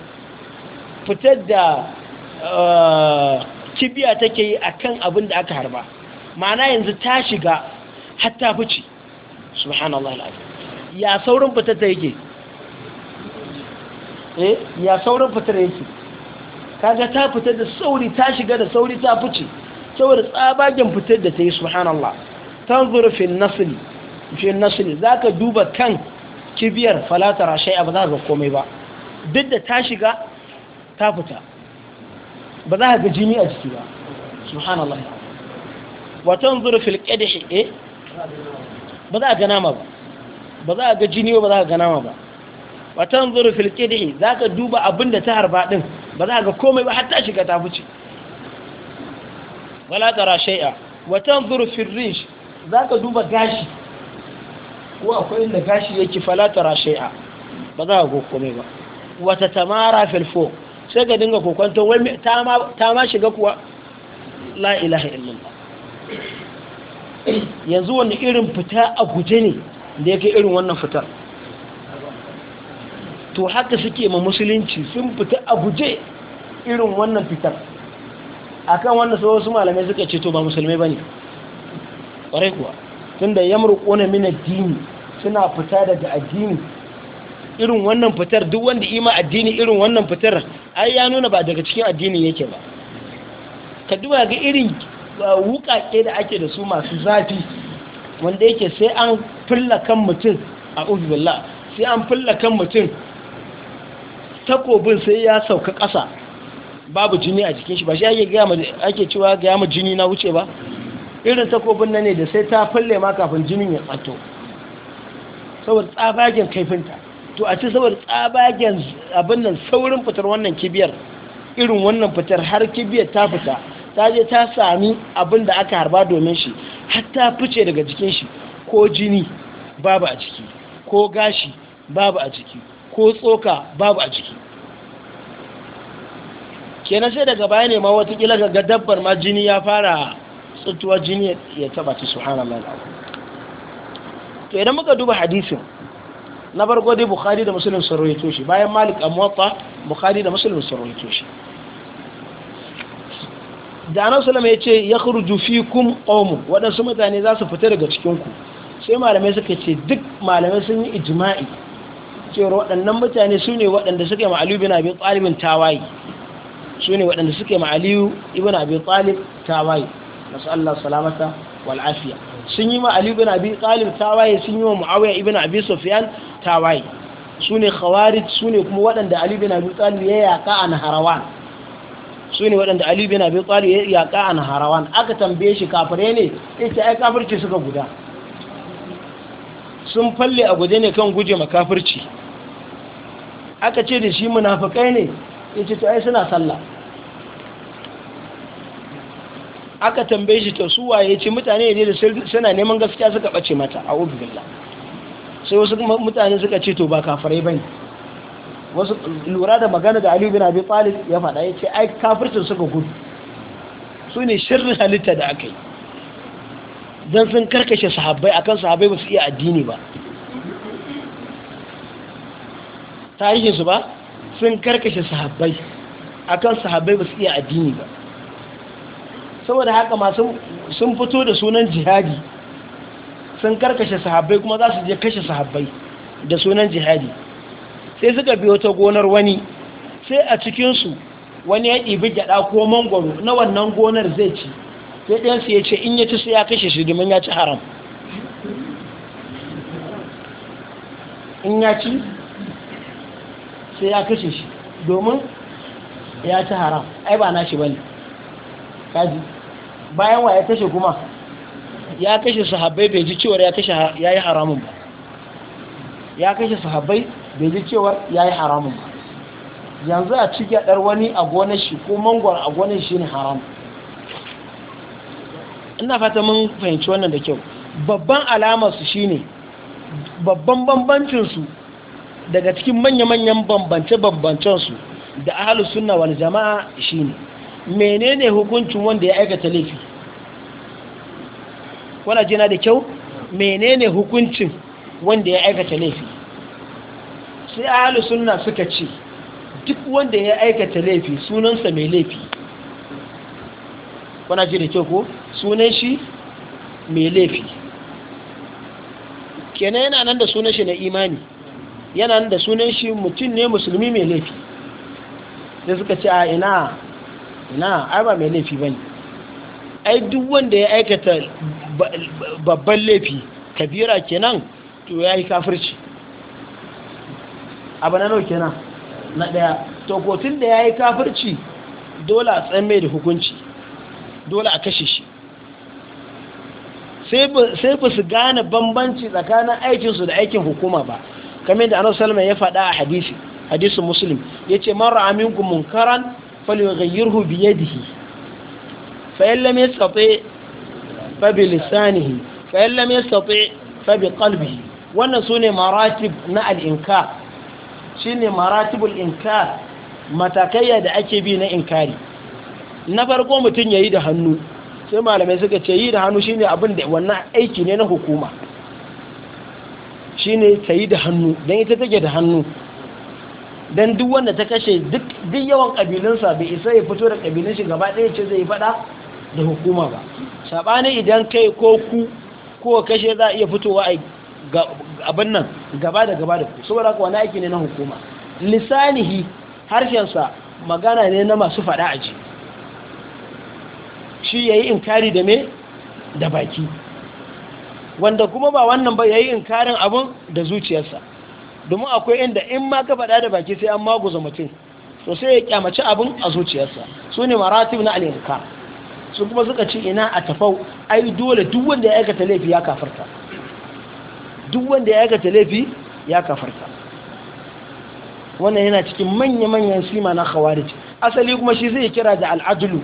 [SPEAKER 1] fitar da eh, kibiya take yi akan abin da aka harba ma'ana yanzu ta shiga hatta fice subhanallahi alazim ya saurin fitar ta yake eh ya saurin fitar yake kaga ta fitar da sauri ta shiga da sauri ta fice saboda tsabagen fitar da ta yi subhanallah tanzuru fil nasli fi za ka duba kan kibiyar falatara shay'a ba za ka komai ba duk da ta shiga ta fita ba za ka ga jini a jiki ba subhanallah watan tanzuru fil qadhi eh ba za ka ga nama ba ba za ka ga jini ba za ka ga nama ba wa tanzuru fil qadhi za ka duba abin da ta harba din ba za ka ga komai ba har ta shiga ta fice wala tara shay'a wa tanzuru fil rish za ka duba gashi ko akwai inda gashi yake falata shai'a ba za a go kome ba wata tamara filfo sai ga dinga kokonto wai ta ma shiga kuwa la ilaha illallah yanzu wani irin fita a guje ne da yake irin wannan fitar to haka suke ma musulunci sun fita a guje irin wannan fitar akan wannan sai wasu malamai suka ce to ba musulmai bane ƙwarai kuwa tunda ya min mini addini suna fita daga addini irin wannan fitar duk wanda ima addini irin wannan fitar ai ya nuna ba daga cikin addini yake ba ka duba ga irin uh, wukake da ake da su masu zafi wanda yake sai an fulla kan mutum a ubillah sai an fulla kan mutum takobin sai ya sauka ƙasa babu jini a jikin shi ba shi ake cewa ga mu jini na wuce ba irin takobin nan ne da sai ta falle ma kafin jinin ya tsato saboda tsabagen kaifinta to a ce saboda tsabagen abin nan saurin fitar wannan kibiyar irin wannan fitar har kibiyar ta fita ta je ta sami abin da aka harba domin shi har fice daga jikin shi ko jini babu a ciki ko gashi babu a ciki ko tsoka babu a ciki kenan sai daga baya ne ma wata kila ga dabbar ma jini ya fara tsuntuwa jini ya taba ta subhanallah to idan muka duba hadisin na bargo dai bukhari da musulun sun rawaito shi bayan malik amwata bukhari da musulun sun rawaito shi da anan sulama ya ce ya khurju fikum omu, waɗansu mutane za su fita daga cikinku. sai malamai suka ce duk malamai sun yi ijima'i cewar waɗannan mutane su ne waɗanda suke ma'aliyu bin abin tsalibin tawaye su ne waɗanda suke ma'aliyu aliyu abin abi tawayi tawaye nasu Allah salamata wal afiya sun yi ma Ali ibn Abi Talib tawaye sun yi wa Muawiya ibn Abi Sufyan tawaye sune khawarij sune kuma waɗanda Ali ibn Abi Talib ya yaka a Naharawan sune waɗanda Ali ibn Abi Talib ya yaka a Naharawan aka tambaye shi kafire ne yace ai kafirci suka guda sun falle a guje ne kan guje ma kafirci aka ce da shi munafikai ne yace to ai suna sallah aka tambaye shi ta suwa ya ce mutane ne da suna neman gaskiya suka ɓace mata a ubillah sai wasu mutane suka ce to ba kafirai bane wasu lura da magana da Aliyu bin abin Talib ya faɗa ya ce ai kafircin suka gudu su ne shirin halitta da aka yi don sun karkashe sahabbai akan sahabbai ba su iya addini ba tarihinsu ba sun karkashe sahabbai akan sahabbai ba su iya addini ba saboda haka masu sun fito da sunan jihadi sun karkashe sahabbai kuma za su je kashe sahabbai da sunan jihadi sai suka biyo ta gonar wani sai a cikinsu wani ya ɗibi gyaɗa ko mangwaro na wannan gonar zai ci sai ɗansu ya ce in ya ci sai ya kashe shi domin ya haram in ya ci sai ya kashe shi domin ya ci haram ai ba na shi bane kaji bayan wa ya kashe kuma ya kashe habai bai ji cewar ya yi haramun ba ya kashe habai bai ji cewar ya yi haramun ba yanzu a ci gyadar wani a gonar shi ko mangon a gonar shi ne haram ina fata mun fahimci wannan da kyau babban alamarsu shi ne. babban bambancinsu daga cikin manya-manyan bambance bambancensu da ahalussunna sunna jama'a jama'a ne. menene hukuncin wanda ya aikata laifi wana jina da kyau menene hukuncin wanda ya aikata laifi sai ahalu sunna suka ce duk wanda ya aikata laifi sunansa mai laifi wana ji da kyau ko sunan shi mai laifi kenan yana nan da sunan shi na imani yana nan da sunan shi mutum ne musulmi mai laifi da suka ce a ina na ai ba mai laifi bane ai duk wanda ya aikata babban laifi kabira kenan to ya yi kafirci abu na nau kenan na daya tokotun da ya yi kafirci dole a mai da hukunci dole a kashe shi sai ba su gane bambanci tsakanin aikinsu da aikin hukuma ba kamar da anu salman ya faɗa a hadisi hadisin muslim ya ce mara aminku munkaran falyughayyirhu bi yadihi fa in lam yastati fa bi lisanihi fa in lam yastati wannan sune maratib na al-inkar shine maratibul inkar matakaiya da ake bi na inkari na farko mutum yayi da hannu sai malamai suka ce yi da hannu shine abin aiki ne na hukuma shine ta yi da hannu don ita take da hannu dan duk wanda ta kashe duk duk yawan kabilunsa bai isa ya fito da kabilun shi gaba ɗaya ce zai faɗa da hukuma ba sabani idan kai ko ku ko kashe za a iya fitowa a abin nan gaba da gaba da ku saboda haka wani aiki ne na hukuma lisanihi harshensa magana ne na masu faɗa a ji shi yayi inkari da me da baki wanda kuma ba wannan ba yayi inkarin abun da zuciyarsa domin akwai inda in ma ka faɗa da baki sai an maguza mutum to sai ya kyamaci abin a zuciyarsa su ne maratib na al'inka su kuma suka ce ina a tafau ai dole duk wanda ya aikata laifi ya kafarta duk wanda ya aikata laifi ya kafarta wannan yana cikin manya-manyan sima na khawarij asali kuma shi zai kira da al'adulu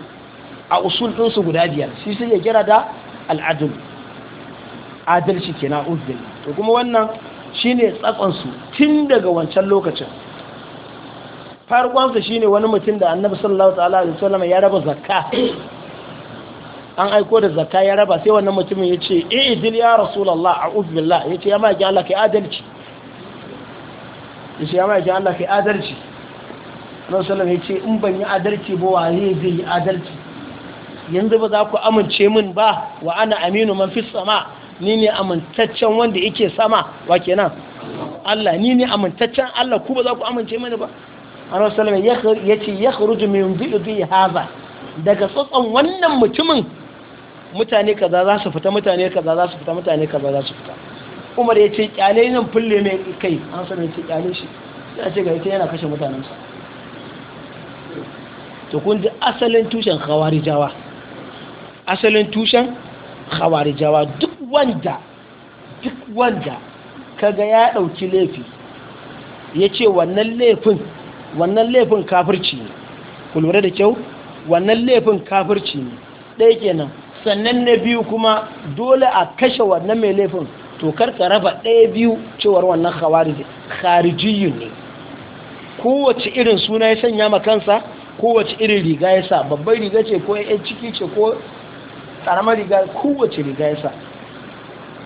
[SPEAKER 1] a usul ɗinsu guda biyar shi sai ya kira da al'adulu adalci kenan uzdil to kuma wannan Shi ne tsakonsu tun daga wancan lokacin shi ne wani mutum da annabi sallallahu ta'ala da wasallam ya raba zakka an aiko da zakka ya raba sai wannan mutumin ya ce e idil ya rasulullah a billah ya ce ya ma Allah ka adalci ya ce ya ma Allah adalci annabi sallallahu ya ce in ban yi adalci ba wa zai yi adalci yanzu ba za ku amince min ba wa ana aminu man fi sama ni ne amintaccen wanda yake sama wa kenan Allah ni ne amintaccen Allah ku ba za ku amince mani ba annabi sallallahu alaihi wasallam yace yakhruju min bi'di hadha daga tsotson wannan mutumin mutane kaza za su fita mutane kaza za su fita mutane kaza za su fita Umar yace kyale nan fulle mai kai an san yace kyale shi sai ce ga ita yana kashe sa to kun ji asalin tushen khawarijawa asalin tushen khawarijawa duk wanda duk wanda kaga ya dauki laifi yace ce wannan laifin wannan laifin kafirci ne ku lura da kyau wannan laifin kafirci ne ɗaya kenan sannan na biyu kuma dole a kashe wannan mai laifin to karka raba ɗaya biyu cewar wannan kharijiyun ne kowace irin suna ya sanya ma kansa kowace irin riga ya sa babbar riga ce ko yan ciki ce ko karamar riga kowace riga ya sa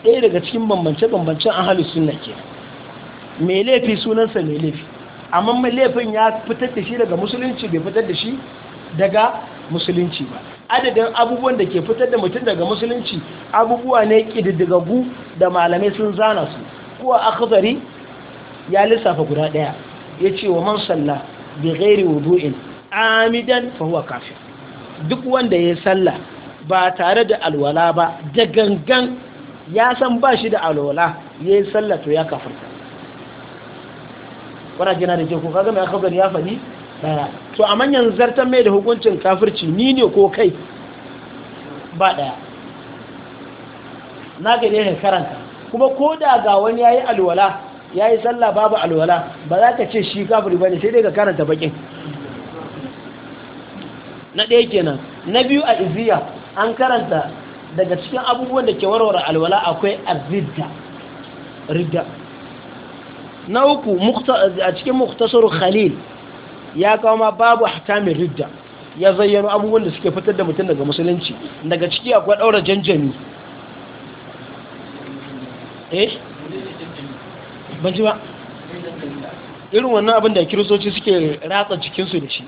[SPEAKER 1] ɗaya daga cikin bambance-bambancen ahalus sunna ke mai laifi sunansa mai laifi amma mai laifin ya fitar da shi daga musulunci bai fitar da shi daga musulunci ba adadin abubuwan da ke fitar da mutum daga musulunci abubuwa ne ƙididdigagu da malamai sun zana su kuwa akhzari ya lissafa guda ɗaya ya ce wa man salla bi ghairi wudu'in amidan fa huwa duk wanda ya sallah. ba tare da alwala ba da gangan ya san ba shi da alwala ya yi sallato ya kafarta wana gina da ke kaga mai ya faɗi daya to a manyan zartan mai da hukuncin kafirci ni ne ko kai ba daya na gare ne karanta kuma ko da ga wani ya yi alwala ya yi sallah babu alwala ba za ka ce shi kafiri ba ne sai dai ga karanta bakin na ɗaya kenan na biyu a iziya an karanta daga cikin abubuwan da ke warware alwala akwai azidda ridda na uku a cikin muktasar khalil ya kawo ma babu hakamin ridda ya zayyano abubuwan da suke fitar da mutum daga musulunci daga ciki akwai ɗaura janjani. eh ban ji ba irin wannan abin da kiristoci suke ratsa cikinsu da shi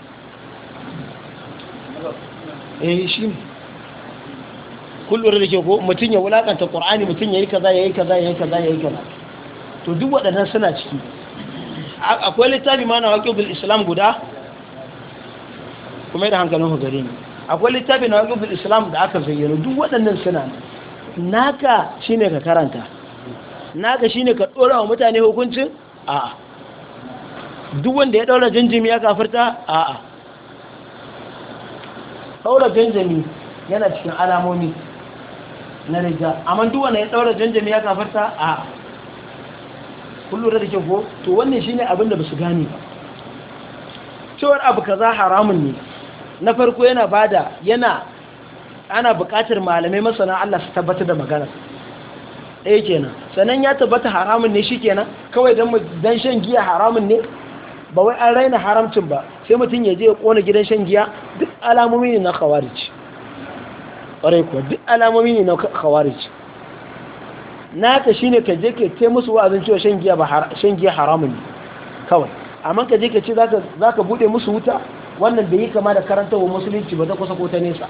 [SPEAKER 1] eh shi ne kullum da ke ko mutum ya wulakanta ƙur'ani, mutum ya yi kaza yi kaza yi kaza yi kaza to duk waɗannan suna ciki akwai littafi ma na waqibul islam guda kuma da hankalin ku gare ni akwai littafi na waqibul islam da aka zayyana duk waɗannan suna naka shine ka karanta naka shine ka ɗora wa mutane hukuncin a'a duk wanda ya ɗaura jinjimi ya kafirta a'a ɗaura jinjimi yana cikin alamomi na riga amma duk wanda ya tsaura janjami ya kafarta a kullu da ke ko to wannan shine abin da basu gane ba cewar abu kaza haramun ne na farko yana bada yana ana buƙatar malamai masana Allah su tabbatar da magana ɗaya kenan sannan ya tabbata haramun ne shi kenan kawai dan shan giya haramun ne ba wai an raina haramcin ba sai mutum ya je ya kona gidan shan giya duk alamomi ne na khawarij ƙwarai kuwa duk alamomi ne na khawarij naka shine ka je ka te musu wa'azin cewa shan giya haramun ne kawai amma ka je ka ce zaka zaka bude musu wuta wannan bai yi kama da karantawa musulunci ba za kusa ko ta nesa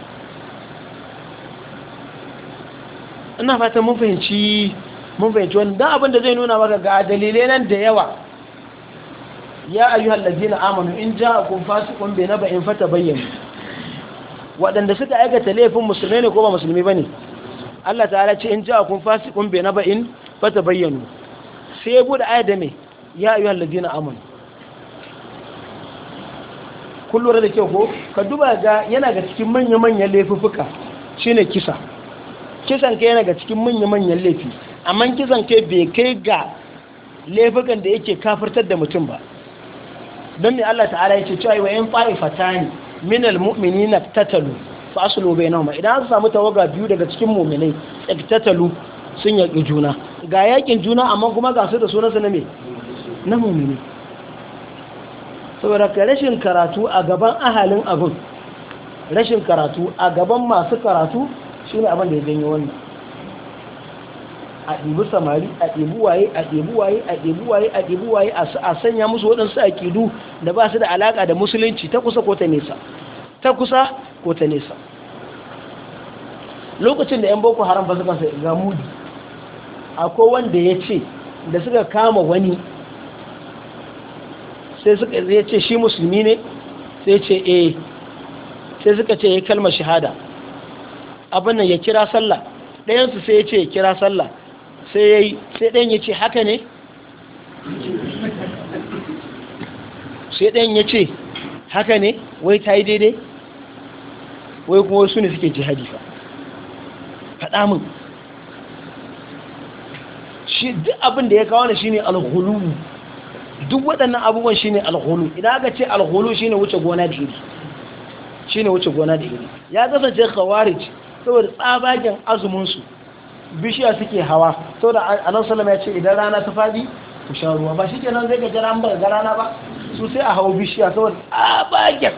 [SPEAKER 1] ina fatan mun fahimci mun fahimci wannan dan abin da zai nuna maka ga dalilai nan da yawa ya ayyuhal ladina amanu in ja'akum fasiqun bi naba'in fatabayyanu waɗanda suka aikata laifin musulmai ne ko ba musulmi ba ne Allah ta'ala ce in ja kun fasi kun bai na ba'in ta bayyanu sai ya buɗe ayat da mai ya yi alladina amanu kun lura da kyau ko ka duba ga yana ga cikin manya manyan laifuffuka shine kisa kisan kai yana ga cikin manya manyan laifi amma kisan kai bai kai ga laifukan da yake kafartar da mutum ba don ne Allah ta'ala ya ce cewa wa yan ne. minal mu'minina tatalu fa aslu bainahuma idan an samu tawaga biyu daga cikin mu'minai tattalu sun yaƙi juna ga yaƙin juna amma kuma ga su da sunansa na me na mu'mini saboda rashin karatu a gaban ahalin abun, rashin karatu a gaban masu karatu shine abin da ya janyo wannan a ɗibi samari a ɗibi waye a ɗibi waye a ɗibi waye a ɗibi waye a sanya musu waɗansu aƙidu da ba su da alaƙa da musulunci ta kusa ko ta nesa ta kusa ko ta nesa lokacin da 'yan boko haram ba suka ga mudi akwai wanda ya ce da suka kama wani sai suka ya ce shi musulmi ne sai ce a eh, sai suka ce ya eh, kalma shahada abin nan ya kira sallah ɗayansu sai ya ce ya kira sallah sai ya yi sai ɗayan ya ce haka ne sai ɗayan ya ce haka ne wai ta yi daidai wai kuma wasu ne suke jihadi fa faɗa min shi duk abin da ya kawo ne shine alhulu duk waɗannan abubuwan shine alhulu idan aka ce alhulu shine wuce gona da iri shine wuce gona da iri ya kasance khawarij saboda tsabagen azumin su bishiya suke hawa saboda anan sallallahu ya ce idan rana ta fadi ku sha ruwa ba kenan zai ga jira ba ga rana ba su sai a hawo bishiya saboda
[SPEAKER 2] tsabagen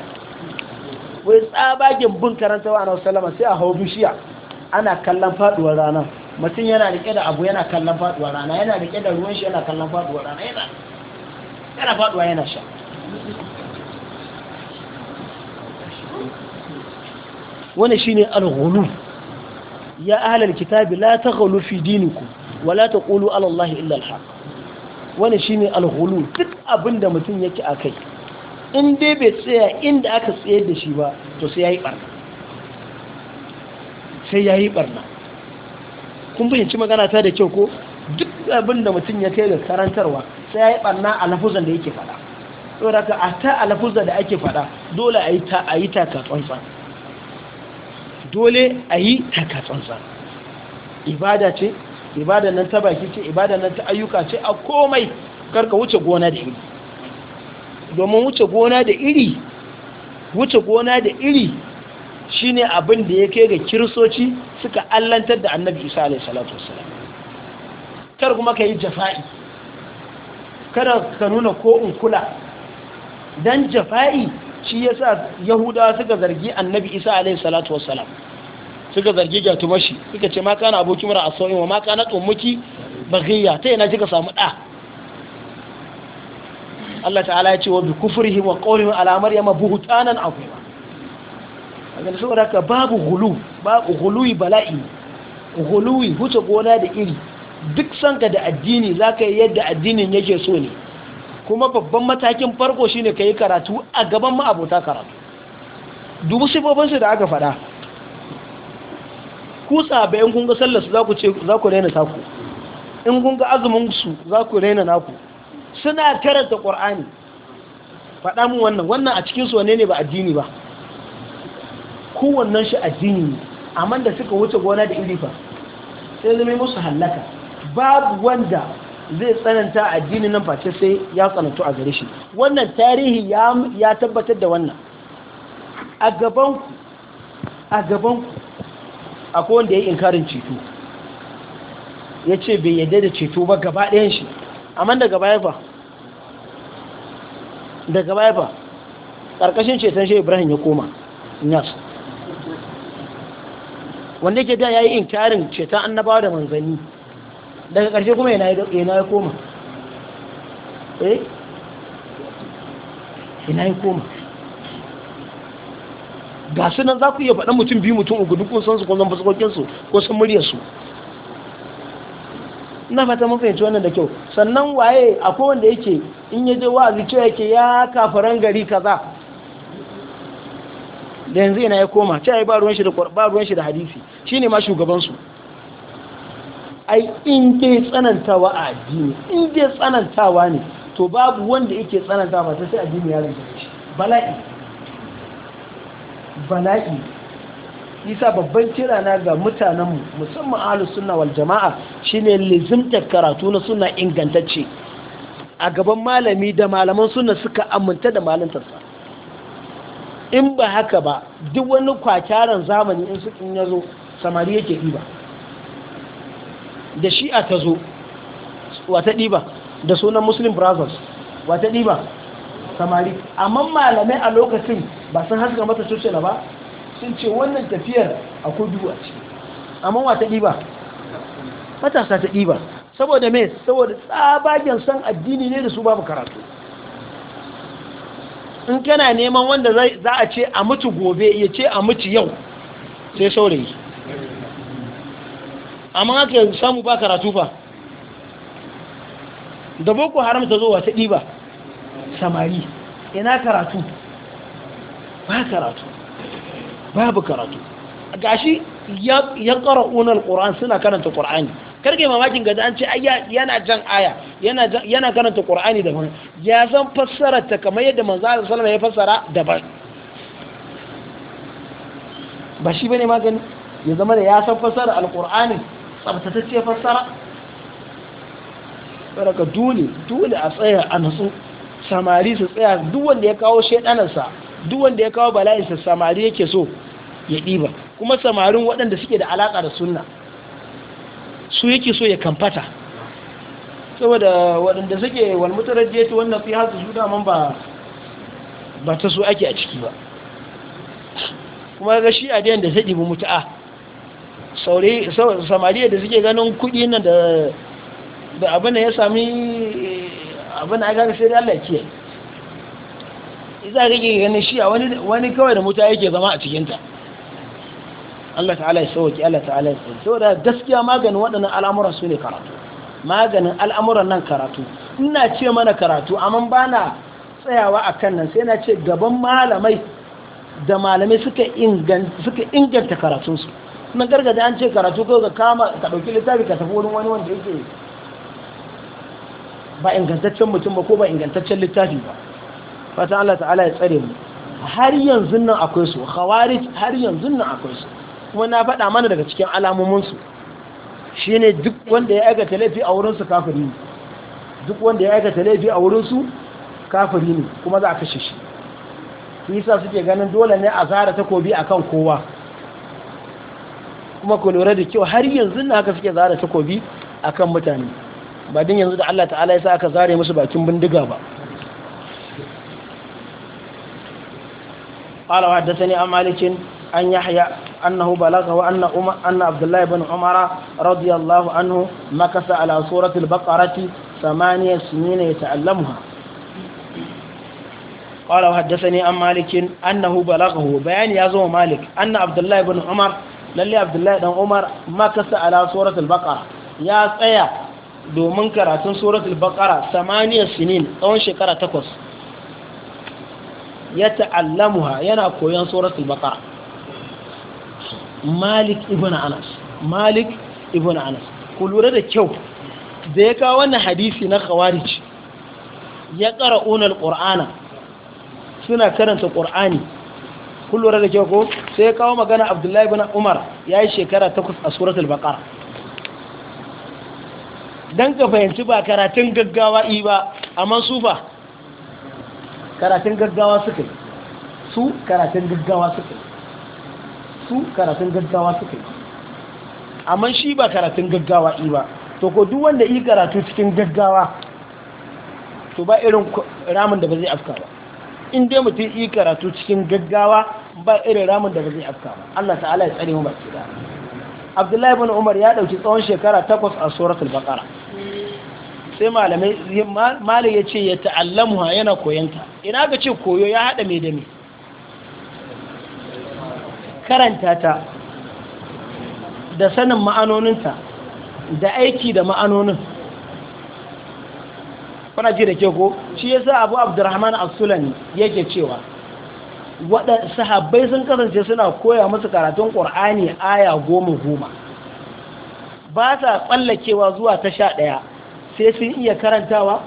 [SPEAKER 1] wai tsabagen bin karanta karantarwa a salama sai a hau bishiya ana kallon faduwar rana mutum yana rike da abu yana kallon faduwar rana yana rike da ruwan shi yana kallon faduwar rana yana yana faduwa yana sha wani shi ne ghulu ya ahlal kitabi la taghlu fi dinikum wala ta taqulu ala allahi illa al wani shi ne ghulu duk abinda mutum yake a kai. in dai bai tsaya inda aka tsayar da shi ba to sai ya yi ɓarna sai ya yi ɓarna kun fahimci magana ta da kyau ko duk abin da mutum ya kai da karantarwa sai ya yi ɓarna a lafuzan da yake faɗa to a ta a lafuzan da ake faɗa dole a yi ta a yi dole a yi ibada ce ibada nan ta baki ce ibada nan ta ayyuka ce a komai karka wuce gona da iri domin wuce gona da iri wuce gona da iri shine abin da ya kai ga kirisoci suka allantar da annabi isa alai salatu salam. kar kuma ka yi jafa'i kada ka nuna ko in kula don jafa'i shi yasa yahudawa suka zargi annabi isa alai salatu salam. suka zargi gatumashi suka ce ma na abokin mara asoin wa ma na tsommuki bagayya ta yana kika samu ɗa? Allah ta'ala ya ce wa bi kufrihi wa qawlihim ala maryama buhtanan azima kaga saboda ka babu gulu babu guluwi bala'i guluwi huce gona da iri duk sanka da addini zaka yi yadda addinin yake so ne kuma babban matakin farko shine kai karatu a gaban ma'abota karatu dubu sifofin su da aka faɗa kutsa in kun ga sallar su za ku ce in kun ga azumin su za ku raina naku suna karanta ƙur'ani faɗa mu wannan wannan a cikin su ne ba addini ba kowannen shi addini ne amma da suka wuce gona da iri sai sai zama musu hallaka babu wanda zai tsananta addini nan face sai ya tsanantu a gare shi wannan tarihi ya tabbatar da wannan a gabanku a gabanku akwai wanda ya yi inkarin ceto ya ce bai yadda da ceto ba gaba ɗayan shi amma da gaba ya fa daga baya ba ƙarƙashin ceton shi ibrahim ya koma nas wanda yake da ya yi inkarin ceton annabawa da manzanni daga ƙarshe kuma yana ya koma eh koma ga su nan za ku iya faɗan mutum biyu mutum uku duk san su ko zan fasakokinsu ko san muryarsu ina fata mun fahimci wannan da kyau sannan waye akwai wanda yake in ya je wa'azi cewa yake ya kafaran gari kaza da yanzu yana ya koma cewa ba ruwan shi da hadisi. shi ne ma shugabansu. ai in dai tsanantawa a addini in dai tsanantawa ne to babu wanda yake tsananta ba ta sai addini ya rinka shi bala'i bala'i isa babban kira na ga mutanenmu musamman ahlus sunna wal jama'a shine lizimtar karatu na sunna ingantacce a gaban malami da malaman suna suka aminta da malintarsa in ba haka ba duk wani kwakyaran zamani in su ya zo samari yake ɗiba da shi'a ta zo wata ɗiba da sunan muslim brothers wata ɗiba samari amma malamai a lokacin ba sun haska mata na ba sun ce wannan tafiyar akwai kudu a ciki amma wata ɗiba matasa ta ɗiba saboda me saboda tsabagen san addini ne da su babu karatu in kana neman wanda za a ce a mutu gobe ya ce a mutu yau sai saurayi amma aka samu ba karatu fa da boko haram ta zo wata ɗiba samari ina karatu ba karatu babu karatu gashi ya unar ƙoran suna karanta ƙorani karge mamakin gaji an ce yana jan aya yana karanta da daban ya san fassara ta kamar yadda manzo Allah sallama ya fassara daban ba shi bane magani ya zama da ya san fassara alƙur'ani tsabtatacce fassara baraka dole dole a tsaya a natsu samari su tsaya duk wanda ya kawo shaidanarsa duk wanda ya kawo bala'insa samari yake so ya ɗiba kuma samarin waɗanda suke da alaƙa da sunna su yake so ya kamfata saboda waɗanda suke walmutarar jeti wannan fi hatsu su daman ba ba ta so ake a ciki ba kuma ga shi a da ta ɗibi mutu'a samariya da suke ganin kuɗi nan da abin da ya sami abin da aka sai da Allah ke a kake ganin shi a wani kawai da mutu'a yake zama a cikinta Allah ta'ala ya sauki Allah ta'ala ya sauki saboda gaskiya maganin waɗannan al'amuran su ne karatu maganin al'amuran nan karatu ina ce mana karatu amma ba na tsayawa a kan nan sai na ce gaban malamai da malamai suka inganta karatunsu na gargada an ce karatu ko ga kama ka ɗauki littafi ka tafi wurin wani wanda yake ba ingantaccen mutum ba ko ba ingantaccen littafi ba fatan Allah ta'ala ya tsare mu har yanzu nan akwai su khawarij har yanzu nan akwai su kuma na faɗa mana daga cikin alamominsu shi ne duk wanda ya aikata laifi a wurinsu kafiri ne duk wanda ya aikata laifi a wurinsu kafiri ne kuma za a kashe shi yasa suke ganin dole ne a zara takobi kan kowa kuma ku lura da kyau har yanzu na haka suke zara takobi kan mutane ba din yanzu da Allah ta'ala ya sa aka zare musu bakin bindiga ba قال وحدثني عن مالك an yahya annahu balagha wa anna umar anna abdullah ibn umara radiyallahu anhu makasa ala surati al-baqarati thamaniya sinina yata'allamuha qala wa haddathani an malikin annahu balaghahu bayani yazo malik anna abdullah ibn umar lalle abdullah dan umar makasa ala surati al-baqara ya tsaya domin karatun suratul baqara samaniya sinin tsawon shekara takwas ya ta'allamuha yana koyon suratul baqara malik ibn anas malik ibn anas ku lura da kyau da ya kawo wannan hadisi na khawarij ya qara'una alqur'ana suna karanta qur'ani ku lura da kyau ko sai ya kawo magana abdullahi ibn umar yayi shekara 8 a suratul baqara dan ka fahimci ba karatun gaggawa yi ba amma su ba karatun gaggawa suka su karatun gaggawa suka su karatun gaggawa suke yi amma shi ba karatun gaggawa ɗi ba to ko duk wanda yi karatu cikin gaggawa to ba irin ramin da ba zai afka ba in dai mutum yi karatu cikin gaggawa ba irin ramin da ba zai afka ba Allah ta'ala ya tsare mu baki da Abdullahi ibn Umar ya dauki tsawon shekara takwas a suratul Baqara sai malamai malai ya ya ta'allamuha yana koyanta ina ga ce koyo ya hada me da me karanta ta da sanin ma'anoninta da aiki da ma'anonin kuna ji da ke ko shi yasa abu abdurrahman as-sulami yake cewa wada sahabbai sun kasance suna koya musu karatun ƙor'ani aya goma goma ba ta tsallakewa zuwa ta sha ɗaya sai sun iya karantawa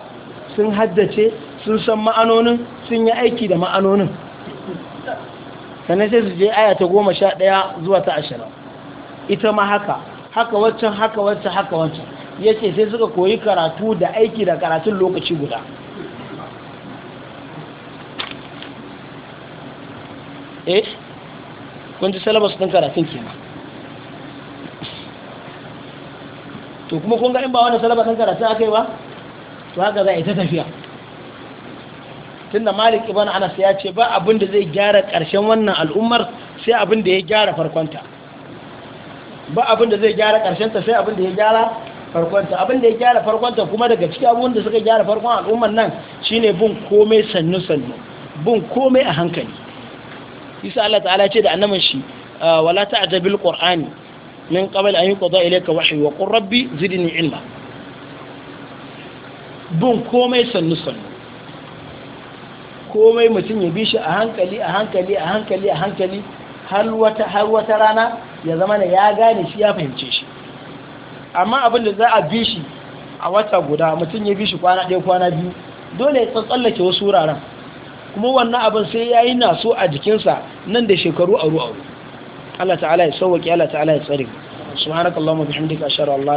[SPEAKER 1] sun haddace sun san ma'anonin sun yi aiki da ma'anonin sannan sai su je aya ta goma sha ɗaya zuwa ta ashirin ita ma haka haka waccan haka waccan haka waccan ya ce sai suka koyi karatu da aiki da karatun lokaci guda eh kun ji salabar sun karatun kenan to kuma kun ga in ba wani salabar sun karatun aka yi ba to haka za a yi ta tafiya tunda malik ibn anas ya ce ba abin da zai gyara karshen wannan al'ummar sai abin da ya gyara farkonta ba abin da zai gyara ta sai abin da ya gyara farkonta abin da ya gyara farkonta kuma daga cikin abubuwan da suka gyara farkon al'ummar nan shine bin komai sannu sannu bin komai a hankali isa Allah ta'ala ce da annabin shi ah, wala ta'jabil qur'ani min qabl an yuqda ilayka wahyi wa qur rabbi zidni ilma bin komai sannu sannu komai mutum ya bi shi a hankali a hankali a hankali a hankali har wata rana ya zama na ya gane shi ya fahimce shi amma abin da za a bi shi a wata guda mutum ya bi shi kwana ɗaya kwana biyu dole ya tsallake wasu wuraren kuma wannan abin sai ya yi naso a jikinsa nan da shekaru a ruwa Allah ta'ala ya sauwaƙi Allah ta'ala ya tsare subhanakallahumma bihamdika ashhadu